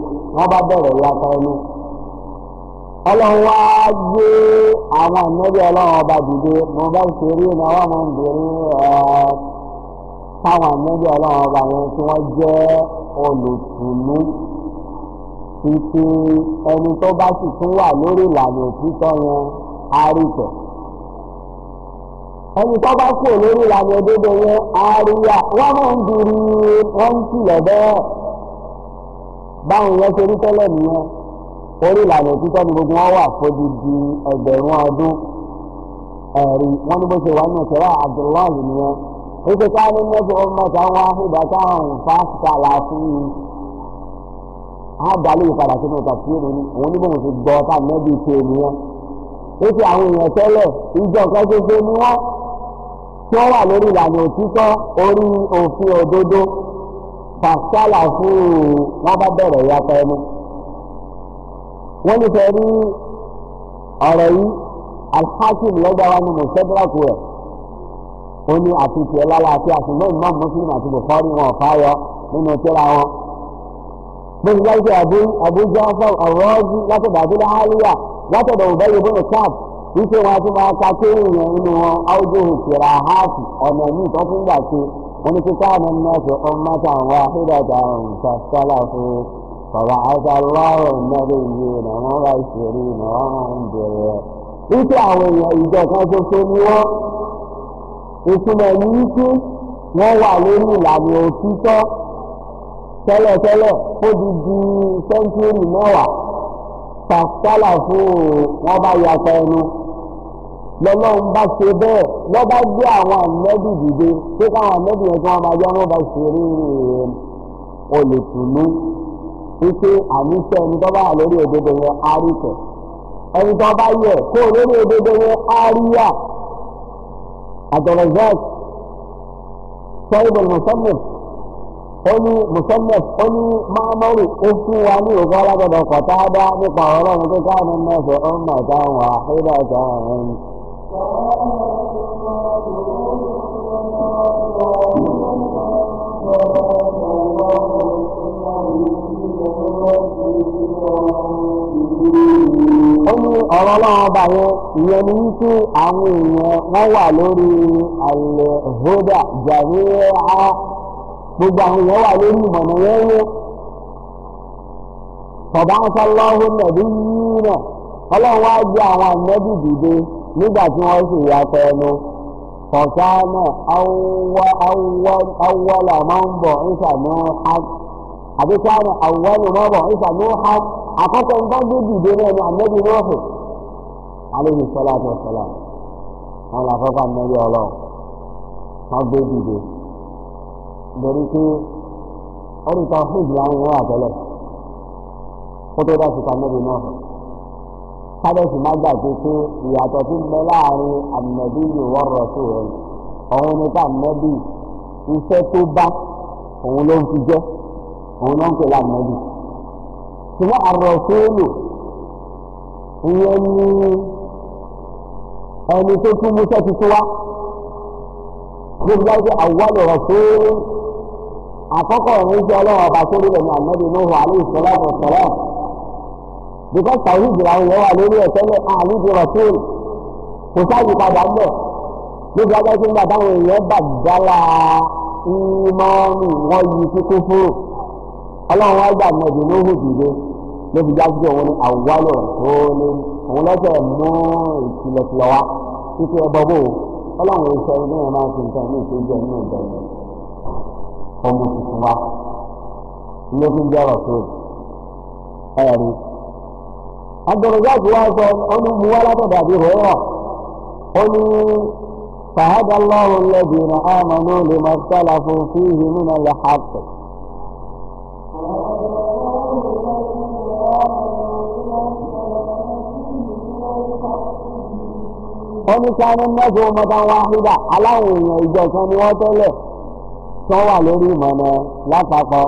wọ́n bá bẹ̀rẹ̀ yàtọ̀ ẹnu ọlọ́run wá gbé àwọn ìnáwó ọlọ́run ọba dìde mo bá ń ṣeré wọ́n mọ̀ ń bèrè táwọn ọba yẹn tí wọ́n jẹ́ olùtùnú títí ẹni tó bá sì tún wà lórí ìlànà òtítọ́ yẹn bá kú lórí ìlànà òdodo yẹn wọ́n báwọn yẹn ṣe rí tẹ́lẹ̀ nìyẹn orí ìlànà òtítọ́ ni gbogbo wọn wà fojú di ẹgbẹ̀rún ọdún ẹ̀rí wọn ní bó ṣe wà nínú ìṣẹ̀rọ Abdullahi nìyẹn ó ṣe ká ní wọn táwọn àdàlẹ́ sínú òun ní ṣe gbọ́ mẹ́bí ṣe nìyẹn ó ṣe àwọn èèyàn tẹ́lẹ̀ ìjọ kan fàṣálà fún wọn bá bẹ̀rẹ̀ yàtọ̀ ẹnu wọ́n ní fẹ́ rí ọ̀rọ̀ yìí alhakim lọ́gbà wa nínú sẹ́dúràkù rẹ̀ ó ní àti àti wọn ọ̀fà yọ nínú wọn. ti gbàgbé àbújá fún ọ̀rọ̀ọ́jú látọ̀dọ̀ àbúlá àríyá látọ̀dọ̀ káàpù wípé wọn ti máa ka kéwìn yẹn nínú wọn áwùjọ wọ́n ní kíkọ́ àwọn mẹ́sàn ọmọta wàhídàtà kàṣálàfún bàbá àtàláwọ̀ mẹ́rin yìí nà wọ́n wá ìṣòro nà wọ́n ń bẹ̀rẹ̀. wípé àwọn èèyàn ìjọ kan ṣoṣo ni wọ́n ìtumọ̀ ní wípé wọ́n wà lórí ìlànà òtítọ́ tẹ́lẹ̀tẹ́lẹ̀ ó di di sẹ́ńtúrì mẹ́wàá kàṣálàfún wọn bá yàtọ̀ ẹnu. lọ́lọ́run bá ṣe bẹ́ẹ̀ wọ́n bá gbé àwọn ànẹ́bì dìde pé káwọn ànẹ́bì yẹn tí wọ́n máa jẹ́ wọ́n bá ṣe rí olùtùnú wípé àníṣe ẹni tó bá wà lórí òdodo yẹn á rí tẹ̀ ẹni tó bá yẹ kó lórí òdodo yẹn á rí yà sọ́yìnbọn ó ní ó ní ó fún wa ọ̀rọ̀ ọlọ́run ọba yẹn ìyẹn ni wípé àwọn èèyàn wọ́n wà lórí àlẹ́ hódà jàmíà gbogbo àwọn èèyàn wà lórí ìmọ̀nà lọ́hùn nàbí yìí náà ọlọ́run wá gbé àwọn dìde nígbà tí wọ́n sì ya tẹnu kọ̀sánà awọ́là máa ìṣàmú awọ́là ìṣàmú àkọ́kọ́ ń bá náà àmẹ́bí Nuhu alayhi salatu wa salam wọn là fọ́kọ́ àmẹ́bí ọlọ́run wọn gbèdì dé lórí pé fún kálẹ̀sì má gbàgbé pé ìyàtọ̀ tí ń bẹ láàrin ànàbí ìwọ́n rọ̀tò rẹ̀ òun ni ká ànàbí iṣẹ́ tó bá òun ló ń fi jẹ́ òun ló ń pè lánàbí. ṣùgbọ́n àrọ̀sọ́lò ìyẹn ni ẹni tó tún mú sẹ́tì tó wá gbogbo láti àwọ̀lẹ̀ rọ̀sọ́lò àkọ́kọ́ ìrìnsẹ̀ ọlọ́run ọba tó rí rẹ̀ ní ànàbí Nuhu alayhi salatu wa salam bíkọ́ tàwíìdì làwọn èèyàn wà lórí ẹ̀sẹ̀ ní àlùjọ rọ̀tún kò sáàyè padà ń níbi ọjọ́ tí ń bá táwọn èèyàn bà dára ìmọ̀ọ́nù wọn yìí kíkú fún ọlọ́run wá gbà mọ̀dé lóhùn dìde ló fi jáde òun ní àwálò tó ní òun lọ́sẹ̀ mú ìtìlẹ̀tìlẹ̀ wa títí ẹbọ bò ọlọ́run ìṣẹ́ inú ẹ̀ máa fi nǹkan ní ìṣẹ́jọ́ inú ìbẹ̀rẹ̀ ọmọ tuntun wa ló fi jẹ́ rọ̀tún ẹ̀rí agbọ̀nrẹ̀jáde wa sọ ọdún buwá látọ̀dọ̀ àbí rẹ̀ ó ní fàhádà lọ́rùn lẹ́bi na ámànú lè máa sálà fún fíìhì nínú ilẹ̀ hàpù. ó ní sáré mẹ́fọ́ mọ́tàn aláwọ̀ èèyàn ìjọ kan ni wọ́n tẹ́lẹ̀ tó wà lórí ìmọ̀nà lápapọ̀.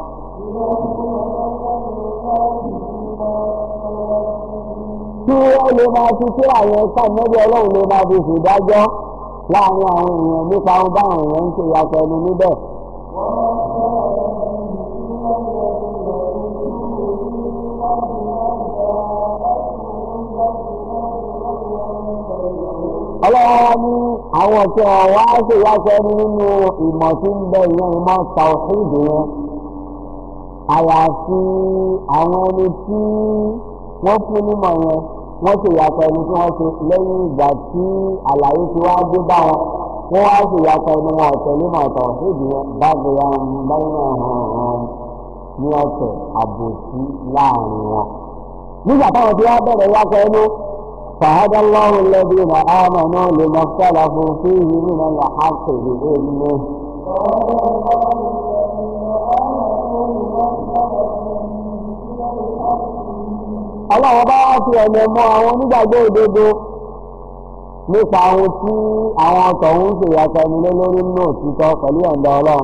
kí wọ́n lè máa fi sí àwọn ẹ̀ka ìmọ́bí ọlọ́run lè máa fi ṣèdájọ́ láàrin àwọn èèyàn nípa ohun báwọn èèyàn ń ṣe ìyàtọ̀ ẹnu níbẹ̀. ọlọ́wọ́ ní àwọn ọ̀sẹ̀ ọ̀wá ṣèyàtọ̀ ẹnu nínú ìmọ̀ tí ń bẹ ìyẹn ìmọ̀ tàwọn ìdè yẹn. àyàfi àwọn ẹni tí wọ́n fún nímọ̀ yẹn wọ́n ṣe ìyàtọ̀ ẹni tí wọ́n ṣe lẹ́yìn ìgbà tí àlàyé ti wá dé bá wọn wọ́n wá ṣe ẹni wọn báyìí hàn án ní àbòsí láàrin wọn. nígbà táwọn tí wọ́n bẹ̀rẹ̀ yàtọ̀ ọlọ́run bá wá fi ẹ̀lẹ̀ mọ àwọn onígbàgbọ́ òdodo nípa ohun tí àwọn ọ̀tọ̀hún ń ṣèyàtọ̀ nílé lórí nínú òtítọ́ pẹ̀lú ẹ̀ǹdà ọlọ́run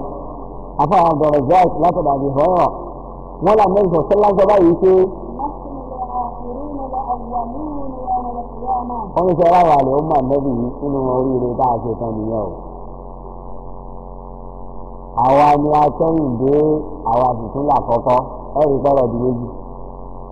afáwọn ọ̀gọ̀rọ̀ zeus látọ̀dà ní ìhọ́rọ̀ wọn là mẹ́rin sọ̀tẹ́ lágbọ́dá yìí pé wọ́n ní sẹ́ra wà lè ó mà mẹ́rin yìí nínú oríire tá a ṣe tán nìyẹn o àwa ni a tẹ́yìn dé àwa sì kọ́kọ́ ẹ̀rí tọ́rọ̀ di méjì.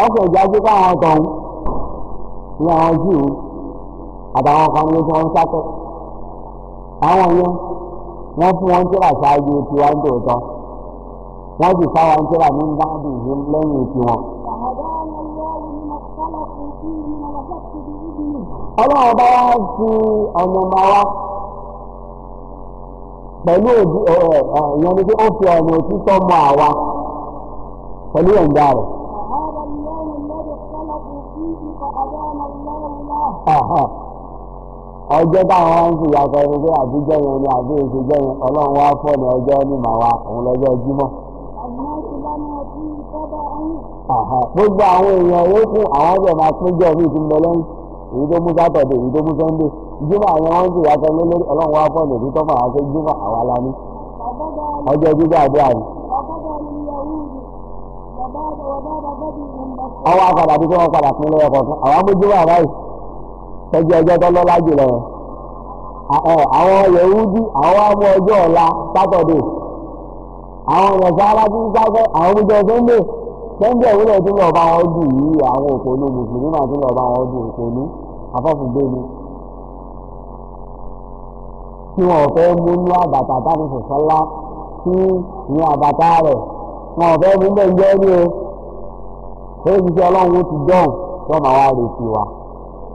ọ̀sẹ̀ ìjájú káwọn ọ̀tọ̀hún ní àwọn Júù àtàwọn kan ní tí ń sákẹ́ àwọn yẹn wọ́n fún wọn tíra ṣáájú tiwa ń tòótọ́ wọ́n sì sáwọn tíra ní dáàbì yìí ọlọ́run bá wá pẹ̀lú ọjọ́ báwọn wá ń fi ìyàtọ̀ ẹni pé àbújọ́ yẹn ni àbí ìṣèjọ́ yẹn ọlọ́run wá fọ́ ọjọ́ onímọ̀ wa òun lọ́jọ́ jímọ̀. gbogbo àwọn èèyàn àwọn ọjọ́ máa ní lẹ́yìn èyí tó mú èyí tó mú àwọn lórí ọlọ́run wá fọ́ la ní ọjọ́ gbígbà àdúrà ni. ọwọ́ bí wọ́n padà fún lọ́wọ́ tọ́jú ọjọ́ tó lọ́lá jùlọ àwọn yẹ̀wúdí àwọn amú ọjọ́ ọ̀la sátọ̀dé àwọn nàìjíríà tí ń sáfẹ́ àwọn ọmọdé sẹ́ńdẹ̀ sẹ́ńdẹ̀ ìwúlẹ̀ tí lọ́ọ́ bá wọn dùn yìí àwọn òkòlù mùsùlùmí náà tí lọ́ọ́ bá wọn dùn òkòlù afọ́fùgbé ni tí wọn fẹ́ mú ní àbàtà táwọn sọ̀sọ́lá tí ní àbàtà rẹ̀ wọn fẹ́ mú bẹ́ẹ̀ jẹ́ ní o ó ti ṣe ọlọ́run ti dán tó máa wá retí wa.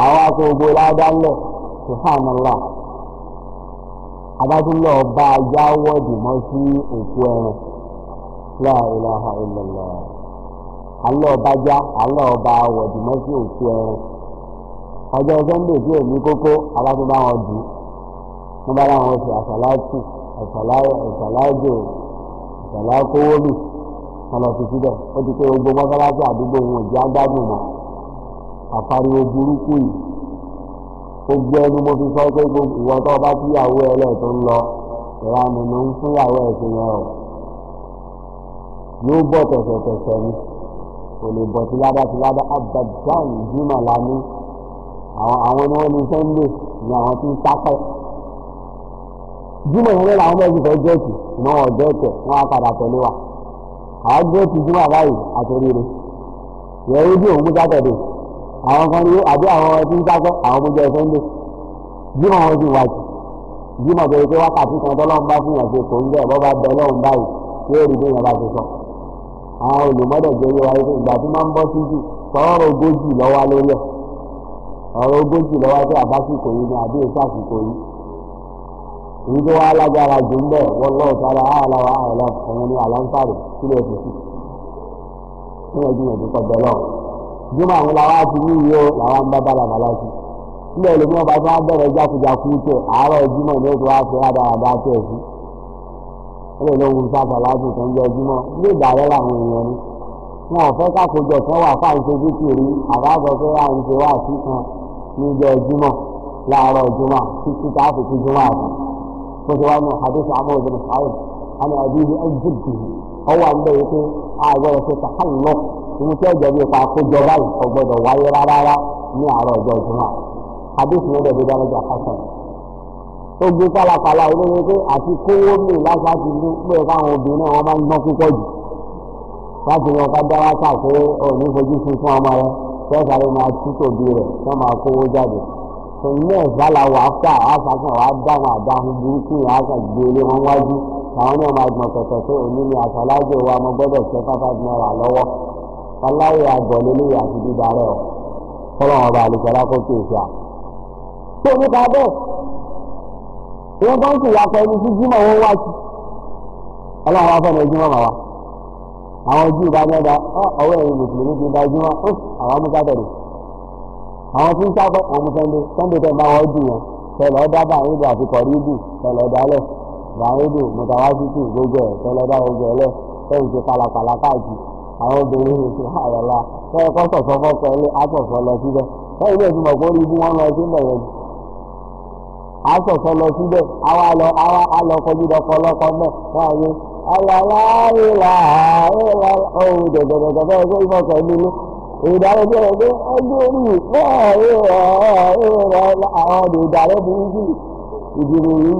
àwọn aṣọ ògbó ládálẹ̀ subhanallah abájúlọ ọba ajá wọ́ọ̀dì mọ́ sí òkú ẹran la ilaha illallah alọ́ ọba ọba mọ́ sí òkú ẹran ọjọ́ sunday tí èmi kókó abájúlọ àwọn dì í wọ́n bá láwọn ṣe àṣàláàtì lọ sí síbẹ̀ ó ti pé gbogbo mọ́sálásí àdúgbò wọn ìjà gbádùn náà. àpariwo burúkú yìí gbogbo elu mo fi sọ pé ìwọ tó bá tíyàwó ẹ lẹ́ẹ̀tọ́ ń lọ ìra nínú ń fúnyàwó ẹ̀ sí o yóò bọ̀ tẹ̀sẹ̀tẹ̀sẹ̀ ni kò lè bọ̀ tìládá tìládá abadjan jùmọ̀ lánú àwọn ni wọ́n ní sunday ni àwọn tí ń sápẹ́ jùmọ̀ yẹn lọ́la àwọn ẹ̀sìn fẹ́ gẹ̀ẹ́sì iná wọn gẹ̀ẹ́sì wọn á padà tẹ̀lé wa àwọn báyìí àwọn kan ní àbí àwọn ẹbí ń dájọ́ àwọn ndị jẹ́ sunday jímọ̀ wọn ti wà jù jímọ̀ tó yẹ pé wákàtí kan tọ́lọ́run bá fún yàn ṣe ń bẹ̀ bọ́ bá bẹ lọ́run báyìí yóò rí bẹ́ẹ̀ yẹn bá sọ àwọn olùmọ́dọ̀ jẹ́ wáyé ìgbà tí máa ń bọ́ sí jù ogójì lọ́wọ́ lórí ẹ̀ ọ̀rọ̀ ogójì lọ́wọ́ tó jùmọ̀ àwọn làwọn ti ní iye làwọn ń bá bá làbàlá sí ilé ìlú mọ́ tó wá bẹ̀rẹ̀ jákujàku tó àárọ̀ jùmọ̀ ní oṣù wáṣẹ rádaràdá tó ẹ̀sí ilé ìlú ohun sáfà láti tó ń jẹ ilé làwọn èèyàn ni wọn ò kákojọ wà ń ṣe wá sí kan títí tá a fi kó wá ní àdéṣe àmì ìlú tí ọjọ́ bí ipa àkójọba ìfọgbọ́dọ̀ wáyé rárá ní àárọ̀ ọjọ́ ìjùmọ̀ àdéhùn ọdọ̀ bí dáradà fásán tó gbé pálapàla pé àti kówó mi lásàtì ní pé obìnrin máa ń gbọ́n púpọ̀ jù láti wọn ká dára pé fojú sí fún ọmọ rẹ ló máa tú tòbí rẹ̀ tó máa kówó jáde tó ní ẹ̀fà la wà á fà á wà á dáhùn àdáhùn burúkú yẹn á kàn wa mo gbọ́dọ̀ wàláyé àgọ̀lé ní àti ọrụ rẹ̀ ọ̀ fọlọ́wọ́n bá àlùkò a. ìṣá. tó nípa bẹ́ẹ̀ wọ́n bá ń sì wá pẹ̀lú sí jímọ̀ wọn wá sí ọlọ́run wá màwá àwọn mẹ́ta ọwọ́ ẹ̀yìn mùsùlùmí ti bá àwọn àwọn tí ń sẹ́ndé sẹ́ndé tẹ̀ jù yẹn tẹ̀lẹ̀ bá àti tẹ̀lẹ̀ àwọn obìnrin ní ha àyàlá lẹ́yìn kan sọ̀sọ́ fọ́sọ ilé asọ̀sọ́ lọ síbẹ̀ lẹ́yìn náà ti mọ̀ pé ibú wọn lọ sí bẹ̀rẹ̀ ni asọ̀sọ́ lọ síbẹ̀ àwa lọ àwa alọ kọjú dọkọ lọkọ náà wọn àyè àyàlá ìlà ìlà ohun dẹ̀dẹ̀dẹ̀dẹ̀ bẹ́ẹ̀ ìfọ̀sọ̀ bí ẹ̀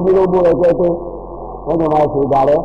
gbé ẹgbẹ́ orí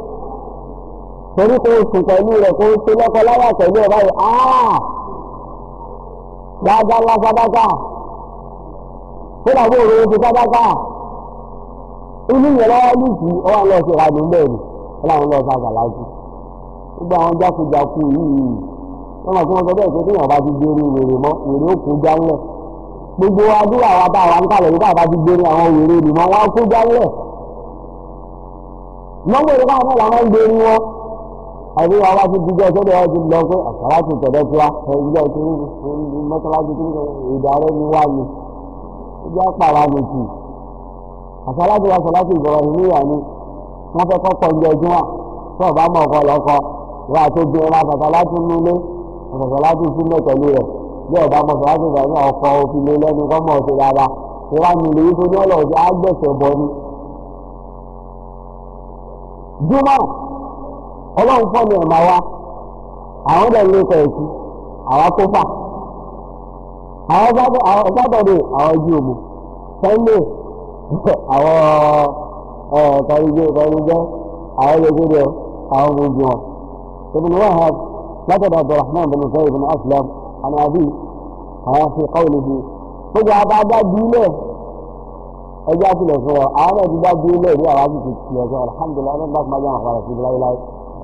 torí kò sùn pẹ̀lú rẹ̀ kò ṣe lọ́kọláya pẹ̀lú ẹ̀ báyìí áà dáadáa ńlá sábàtà kódà bó rẹ̀ ṣe inú yẹn lọ́wọ́ ọwọ́ gbogbo àwọn jákujàku yìí wọ́n mọ̀ sí wọn sọ bẹ́ẹ̀ pé bá ti gbèrú wèrè mọ́ wèrè ó kó jálẹ̀ gbogbo adúlọ̀ àwọn bá wa ń kàlẹ̀ yìí bá ti gbèrú àwọn wèrè mọ́ wọn àwọn ìwà wá fún jíjọ́ sọ́dọ̀ wá ti lọ pé àkàrà tó tọ̀dọ̀ fún wa ìjọ tó ń mọ́tàlájú tó ń ìdàrẹ́ ni wá ni ìjọ pàrà mi tì àkàrà tó wá sọ láti ìgbọ̀rọ̀ nínú ìwà ni wọ́n fẹ́ kọ́kọ́ ń jẹjú wà tó ọ̀bá mọ̀ ọkọ lọ́kọ wà tó gbé ra sàtàlájú nílé sàtàlájú sí mẹ́ pẹ̀lú rẹ̀ bí ọ̀bá mọ̀ sàtàlájú rẹ̀ ní ọkọ̀ òfin lé lẹ́nu kọ́mọ̀ ọ̀sẹ̀ dáadáa ìwà nílé yìí ọlọ́run fọ́ ni ọ̀nà wa àwọn dẹ̀ ní ikọ̀ ẹ̀kú àwọn kófà àwọn sátọ̀dẹ̀ àwọn ojú omi sunday àwọn ọ̀ọ̀kọ̀rìjẹ́ ìkọ̀rìjẹ́ àwọn yẹgbẹ́rẹ́ àwọn ojú wọn ibùdó wọn hàn látọ̀dọ̀ abdulrahman bin sọ ibùdó aslam àmì àbí àwọn fi kọ́wé ju gbogbo àbájá bílẹ̀ ẹjọ́ àti lọ́sọ̀rọ̀ àwọn náà ti bá bílẹ̀ ní àwọn àti ti tiẹ̀ sọ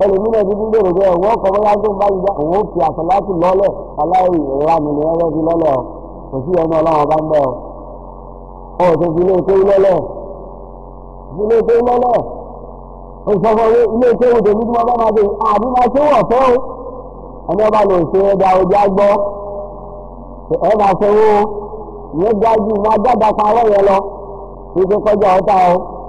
ẹlòmínú ẹbí ń gbèrò pé ẹ̀wọ́ ọkọ̀ bọ́lá tó ń bá yíyá òun ó fi àṣà láti lọ́lẹ̀ aláìrí ìrora mi ni wọ́n fi lọ́lẹ̀ ọ kò sí ẹni ọlọ́run ọba ń bẹ̀ ọ ọ tó fi ilé ìkéwú lọ́lẹ̀ fi ilé ìkéwú lọ́lẹ̀ ó sọ fún mi ilé ìkéwú tèmi tí wọ́n bá máa dé àbí máa ṣe wọ̀ fẹ́ o ẹni ọba lè ṣe ẹja ọjà gbọ́ ẹ máa ṣe owó ìyẹn gbájú máa dábàá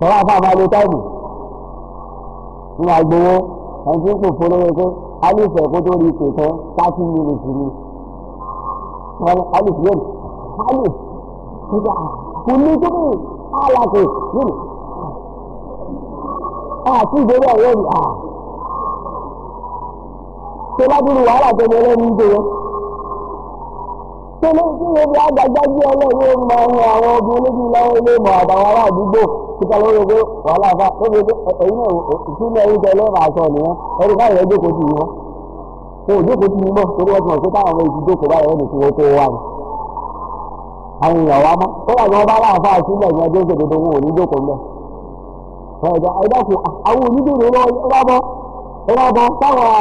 tọ́wọ́ àfáàfáà ní táìmù ní àgbowó ẹni tí ń pò pé alif ẹ̀kọ́ tó rí ìpè kan thirty minutes ni alif yẹn alif nígbà kò ní tó àti à tó bá dúró wàhálà tó ìgbé yẹn tó bí agbájá bí ọlọ́run máa ń kíkà lórí wàhálà àbá lórí ogó ẹ̀yìn náà àwọn èèyàn wa mọ́ táwọn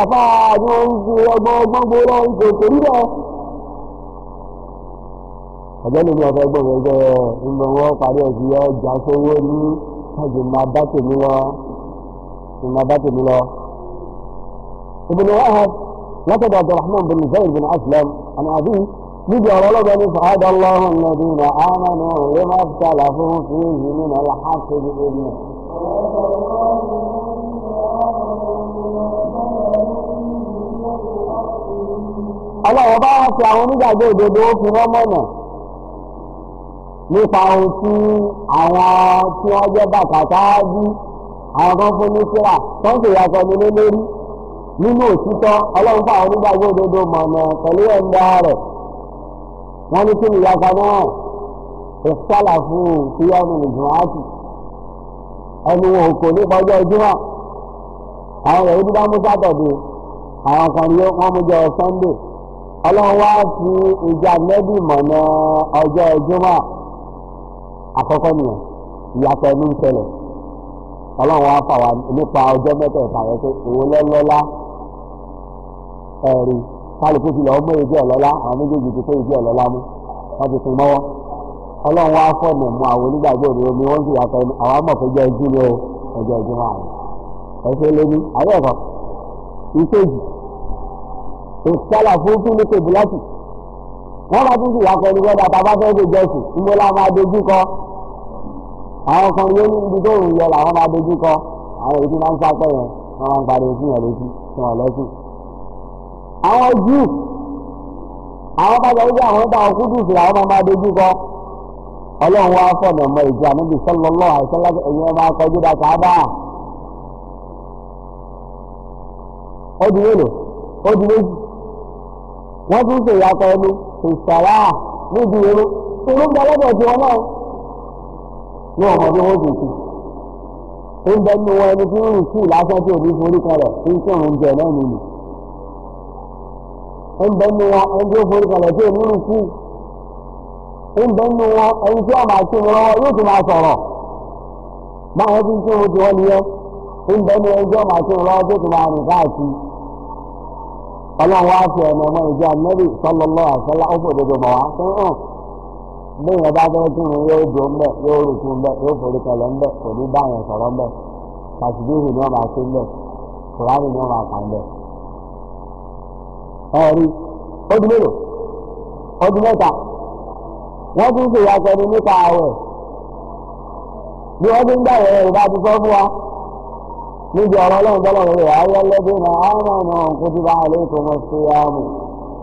àfáà ni wọ́n ń fi ọgbọ́n ọ̀gbẹ́ni mi ọ̀fẹ́ gbọ́dọ̀ ẹgbẹ́ ńlọ wọn parí ẹ̀sìn yọ ọjà sówó ní káàdì máa bá tèmi lọ máa bá tèmi lọ. Ibn Wahab látọ̀dọ̀ Abdulrahman bin Zayd bin Aslam àni àbí níbi ọ̀rọ̀ ọlọ́gbẹ́ ní fàádà lọ́rùn nàbí nà áná ní òye máa fi kàlà fún fún ìlú ní nà láhàkì ní èmi. Ọlọ́run bá wá sí àwọn onígbàgbọ́ òdodo ó fi rọ́mọ́nà. nípa ohun tí àwọn tí wọ́n jẹ́ bàtà sáájú àwọn kan fún nísìrà tó ń pèyà sọ mi lélórí nínú òtítọ́ ọlọ́run fún àwọn onígbàgbọ́ òdodo mọ̀nà pẹ̀lú ẹ̀ńdá rẹ̀ wọ́n ní kí náà fún ẹnu nípa ọjọ́ àwọn ẹ̀rí bá mú sátọ̀dé àwọn kan ní wọ́n mú jọ Sunday ọlọ́run wá ìjà nẹ́bì mọ̀nà Akọkọ nìyẹn ìyàtọ̀ ẹnu ń ọlọ́run wa fà wá nípa ọjọ́ pé òun lọ́lọ́lá ẹ̀rí kálukú ti lọ ọ̀lọ́lá àwọn méjèèjì ti pé ọ̀lọ́lá mú wọ́n ti fún mọ́wọ́ ọlọ́run wa àwọn onígbàgbọ́ omi wọ́n sì yàtọ̀ àwọn ni wọ́n bá tún sì yà pẹ̀lú wẹ́dà bàbá fẹ́ lè jẹ́sì níbo la máa àwọn kan yóò ní ibi tó ń yọ làwọn máa dojú àwọn èyí tí wọ́n ń sápẹ́ yẹn wọ́n máa ń parí sí yẹn létí tí wọ́n àwọn jù àwọn bá àwọn ọlọ́run wá ọmọ ìjọ ẹ̀yìn ìṣàlá a èrò èrò ń bẹ lọ́dọ̀ ju wọn náà ní ọmọ bí wọ́n sí ń bẹ nínú wọn ẹni tí ń rìn sí ìlàsán tí òbí forí kalẹ̀ tí ń sọ̀rọ̀ oúnjẹ náà ń bẹ nínú wọn ẹni tí ó forí kalẹ̀ tí òbí rìn sí ń bẹ nínú wọn ẹni tí ọmọ àti lọ́wọ́ yóò máa sọ̀rọ̀ báwọn ọlọ́run wá fi ẹ̀nà ọmọ ìjọ ànábì sọlọ́lọ́ àṣọlá ó fòdodo bọ̀ wá fún hàn lẹ́yìn ọba bẹ́ẹ̀ kí ni yóò dùn ńbẹ yóò rùkú ńbẹ yóò forí kẹlẹ̀ ńbẹ kò ní bá yẹn sọ̀rọ̀ ńbẹ kàṣíbíhì ni wọ́n máa ṣe ńbẹ kùránì ni wọ́n máa kà ńbẹ. ẹ̀rí ọdún mélòó ọdún mẹ́ta wọ́n tún ṣèyàtọ̀ ní nípa ààwẹ̀ bí wọ́n ti ń gbà yẹn ìbá ti sọ fún wa níbi ọ̀rọ̀ ọlọ́run bọ́lá rẹ̀ ayé lẹ́bìnrin àwọn ọmọ kutiba alaykum as-siyam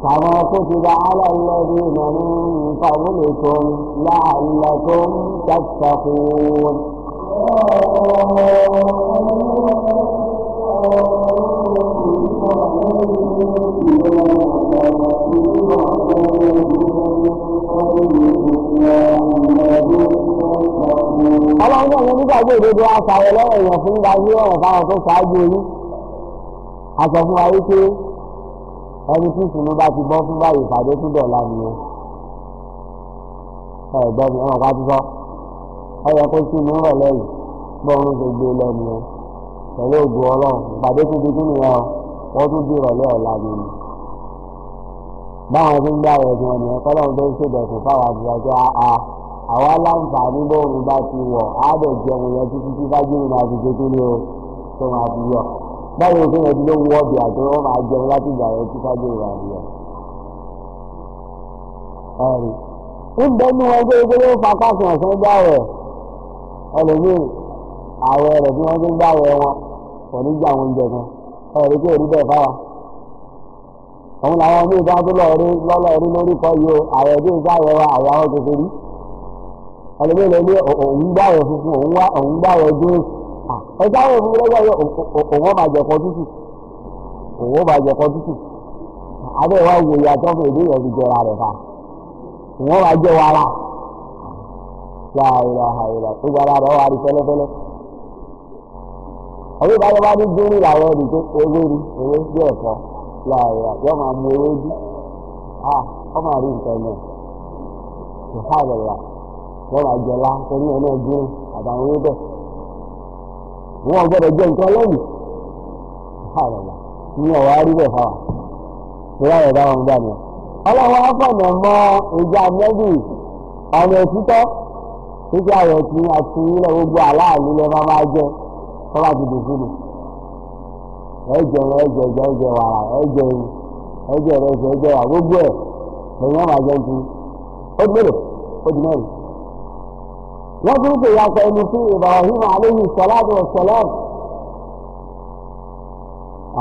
kama kutiba ala alladhina min qablikum la'allakum tattaqun. Thank ọlọ́run náà ní nígbàgbé ìdodo àṣàrò lọ́wọ́ èèyàn fún gba ní ọ̀rọ̀ táwọn tó ṣáájú oyún aṣọ fún wa wípé ẹni tí ìṣúná bá ti bọ́ fún báyìí ìpàdé tún dọ̀la nìyẹn ẹ̀gbọ́n mi ọmọ pàtó sọ ọyọ kó sí mi rọ̀ lẹ́yìn gbọ́run tó gbé lẹ́nu yẹn pẹ̀lú ògùn ọlọ́run ìpàdé tún di nìyẹn wọ́n tún di ìrọ̀lẹ́ ọ̀la nìyẹn báwọn tó ń gbá ẹ̀sìn ọ̀nìyàn kọ́lọ́run tó ń ṣèbẹ̀sùn fáwọn àti àwa láǹfààní bóun bá ti wọ̀ á dẹ̀ jẹun yẹn títí tí o tó máa fi yọ báyìí ti ló ń wọ́ àti wọ́n máa jẹun láti ìgbà yẹn yọ. ẹ̀rì ìgbẹ́ inú wọn gbé gbé ló fa káàkiri ọ̀sán gbá rẹ̀ ẹlòmíì ààrẹ rẹ̀ tí wọ́n ti ń rẹ̀ wọn kò ní gbà wọn jẹ kan kí ẹlẹ́gbẹ́ lọ ní òun funfun òun dúró tútù tútù fún rẹ̀ fa wàrà tó gbára rẹ̀ wà rí fẹ́lẹ́fẹ́lẹ́ bá ní tó rí wọ́n wà jọ̀la torí ẹ̀ náà gbé àtàwọn oníbẹ̀. gbọ́dọ̀ jẹ́ nǹkan ní ọ̀wá rí fáwọn rẹ̀ bá wọn gbà ọlọ́wọ́ afọ̀nà mọ ìjà mẹ́bì ọ̀nà òtítọ́ títí gbogbo máa máa jẹ tó bá ti dùn sílẹ̀. ẹ̀jẹ̀ ẹ̀jẹ̀ ẹ̀jẹ̀ ẹ̀jẹ̀ wàrà ẹ̀jẹ̀ ẹ̀jẹ̀ ó wọ́n tún pè ya pẹ̀lú sí Ibrahim alayhi salatu wa salam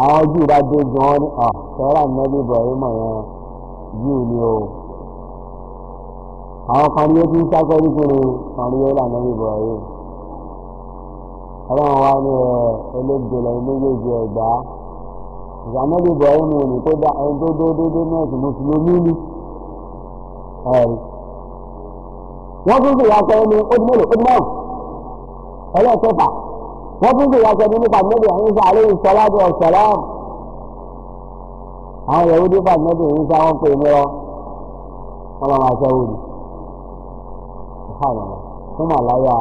àwọn ojú bá dé gan ní ọ̀ sọ́ra nẹ́bí Ibrahim yẹn yìí ni o àwọn kan ní ó ti ń sákọ́ ní kí ni kan ní ó là nẹ́bí Ibrahim ọlọ́run wá ní ẹ olóògbélẹ̀ méjèèjì ẹ̀gbá ìgbàmẹ́bí Ibrahim ni tó dá ẹni tó dódódó náà sì mùsùlùmí ni ẹ̀rí wọ́n tún sì yàtọ̀ ẹni ọdúnmọ́lẹ̀ ọdúnmọ́lẹ̀ ẹlẹ́ẹ̀kẹfà wọ́n tún sì yàtọ̀ ẹni nípa nẹ́bí ẹ̀yìnsá àléyìn sọlájú ọ̀sọ̀lám àwọn yẹ̀wò nípa nẹ́bí ẹ̀yìnsá wọn pè mí lọ wọn máa máa sẹ́wọ́ ni fún màláyà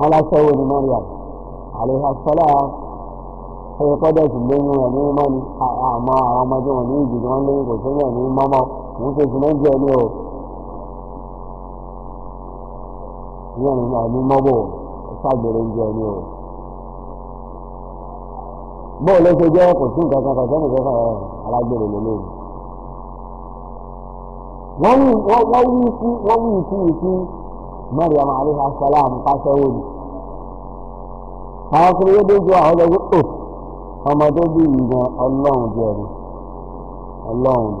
wọn bá sẹ́wọ́ ni Maryam àléyìn sọlám ẹ̀yìn kọ́dẹ̀sì lóyún ẹ̀ ní mọ́ni àmọ́ àwọn ọmọdé wọn ní ìdìbò wọn lóyún kò sí ń pè fún oúnjẹ ní o ìyẹn ní àmì mọ́bò ṣàgbèrè oúnjẹ ní o bọ́ọ̀ ló ṣe jẹ́ kò sí nǹkan kan kọ̀ọ̀kan nìkan kan alágbèrè lélẹ̀ wọ́n wí sí wọ́n wí sí ìsí Maryam alayha salam pàṣẹwò ni àwọn ọkùnrin yóò dójú àwọn ọlọ́gbọ́n oh, ọmọ tó bí ìgbọ̀n ọlọ́run jẹ́ ni ọlọ́run ni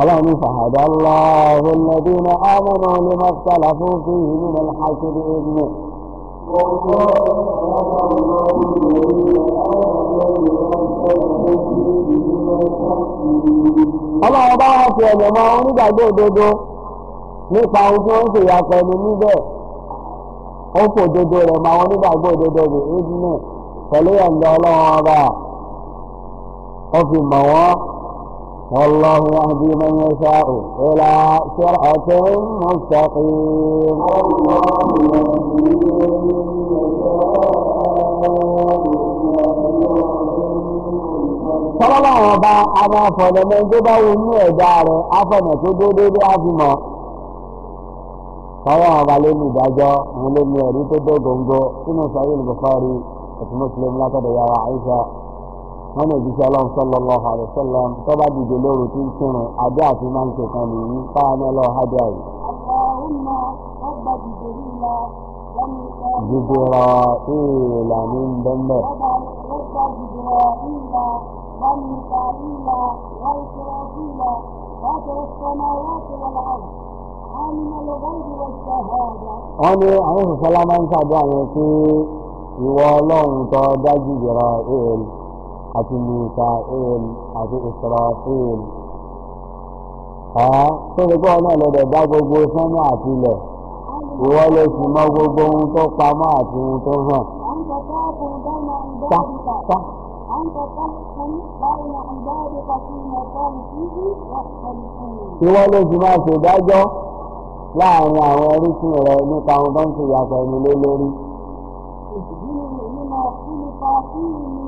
ọlọ́run fàhàdà lọ́wọ́ lẹ́bí ọrụ àmúnà ní mọ́sálà fún fi ìlú ní àṣírí inú. ọlọ́run bá wọ́n fi ẹ̀yẹ̀ mọ́ onígbàgbọ́ òdodo nípa ohun tí wọ́n ń ṣèyàtọ̀ níbẹ̀ ó fò òdodo rẹ̀ òdodo rẹ̀ náà pẹ̀lú ẹ̀ǹdà ọlọ́run ọba ó fi mọ̀ wọ́n. والله يهدي من يشاء إلى صراط مستقيم sọ́lọ́lá àwọn ọba àwọn afọ̀lẹ́mẹ́ tó bá wo ní ẹ̀dá rẹ̀ afọ̀nà tó dó déédéé àfihàn sọ́lọ́lá ọba ló ní ìdájọ́ òun ló ní ẹ̀rí tó dó góńgó sínú sọ́yìn Bukhari àti Muslim látọ̀dọ̀ yàrá Aisha wọ́n lè jíṣẹ́ ọlọ́run sallallahu alaihi wasallam tó bá dìde lóru tí ń kírun adé àti máa ń ṣèkan nìyí káwọn ní ọlọ́run hajj àyè. jìbìrọ̀ ìlà ní bẹ́ńbẹ́. wọ́n ní àwọn ìṣẹ̀lá máa ń yẹn pé ìwọ ọlọ́run tó dájú jìrọ̀ ìlú àti mikael àti israfil ọ́ tó gbogbo ọ̀nà lọ́dọ̀ bá gbogbo sánmà àti ilẹ̀ ìwọ ló sì mọ gbogbo ohun tó pamọ́ àti ohun tó hàn. ìwọ ló sì máa ṣèdájọ́ láàrin àwọn orísun rẹ nípa ohun tó ń ṣèyàtọ̀ ẹni lé lórí. ìdílé mi máa kí nípa fún mi.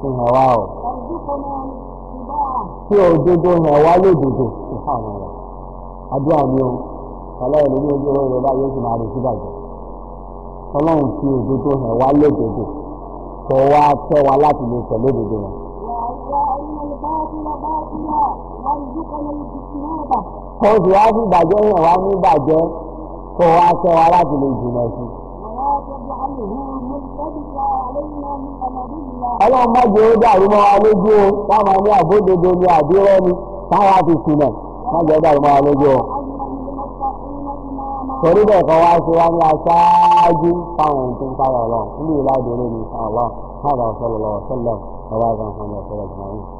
fi hàn wá o. tí hàn wá lódodo rẹ̀ ni o ọlọ́run ní ojú ọlọ́run hàn wá lódodo láti lè tẹ̀lé òdodo rẹ̀. kò wá sí ìbàjẹ́ hàn wá ní ìbàjẹ́ wá tẹ́ ọlọ́run mmadụ jẹ́ ó dàrú mọ́ o táwọn ní àbódodo ni àdúrà ni táwọn àti sùnà má jẹ́ ó dàrú o. torí wá sí ní aṣáájú tó ń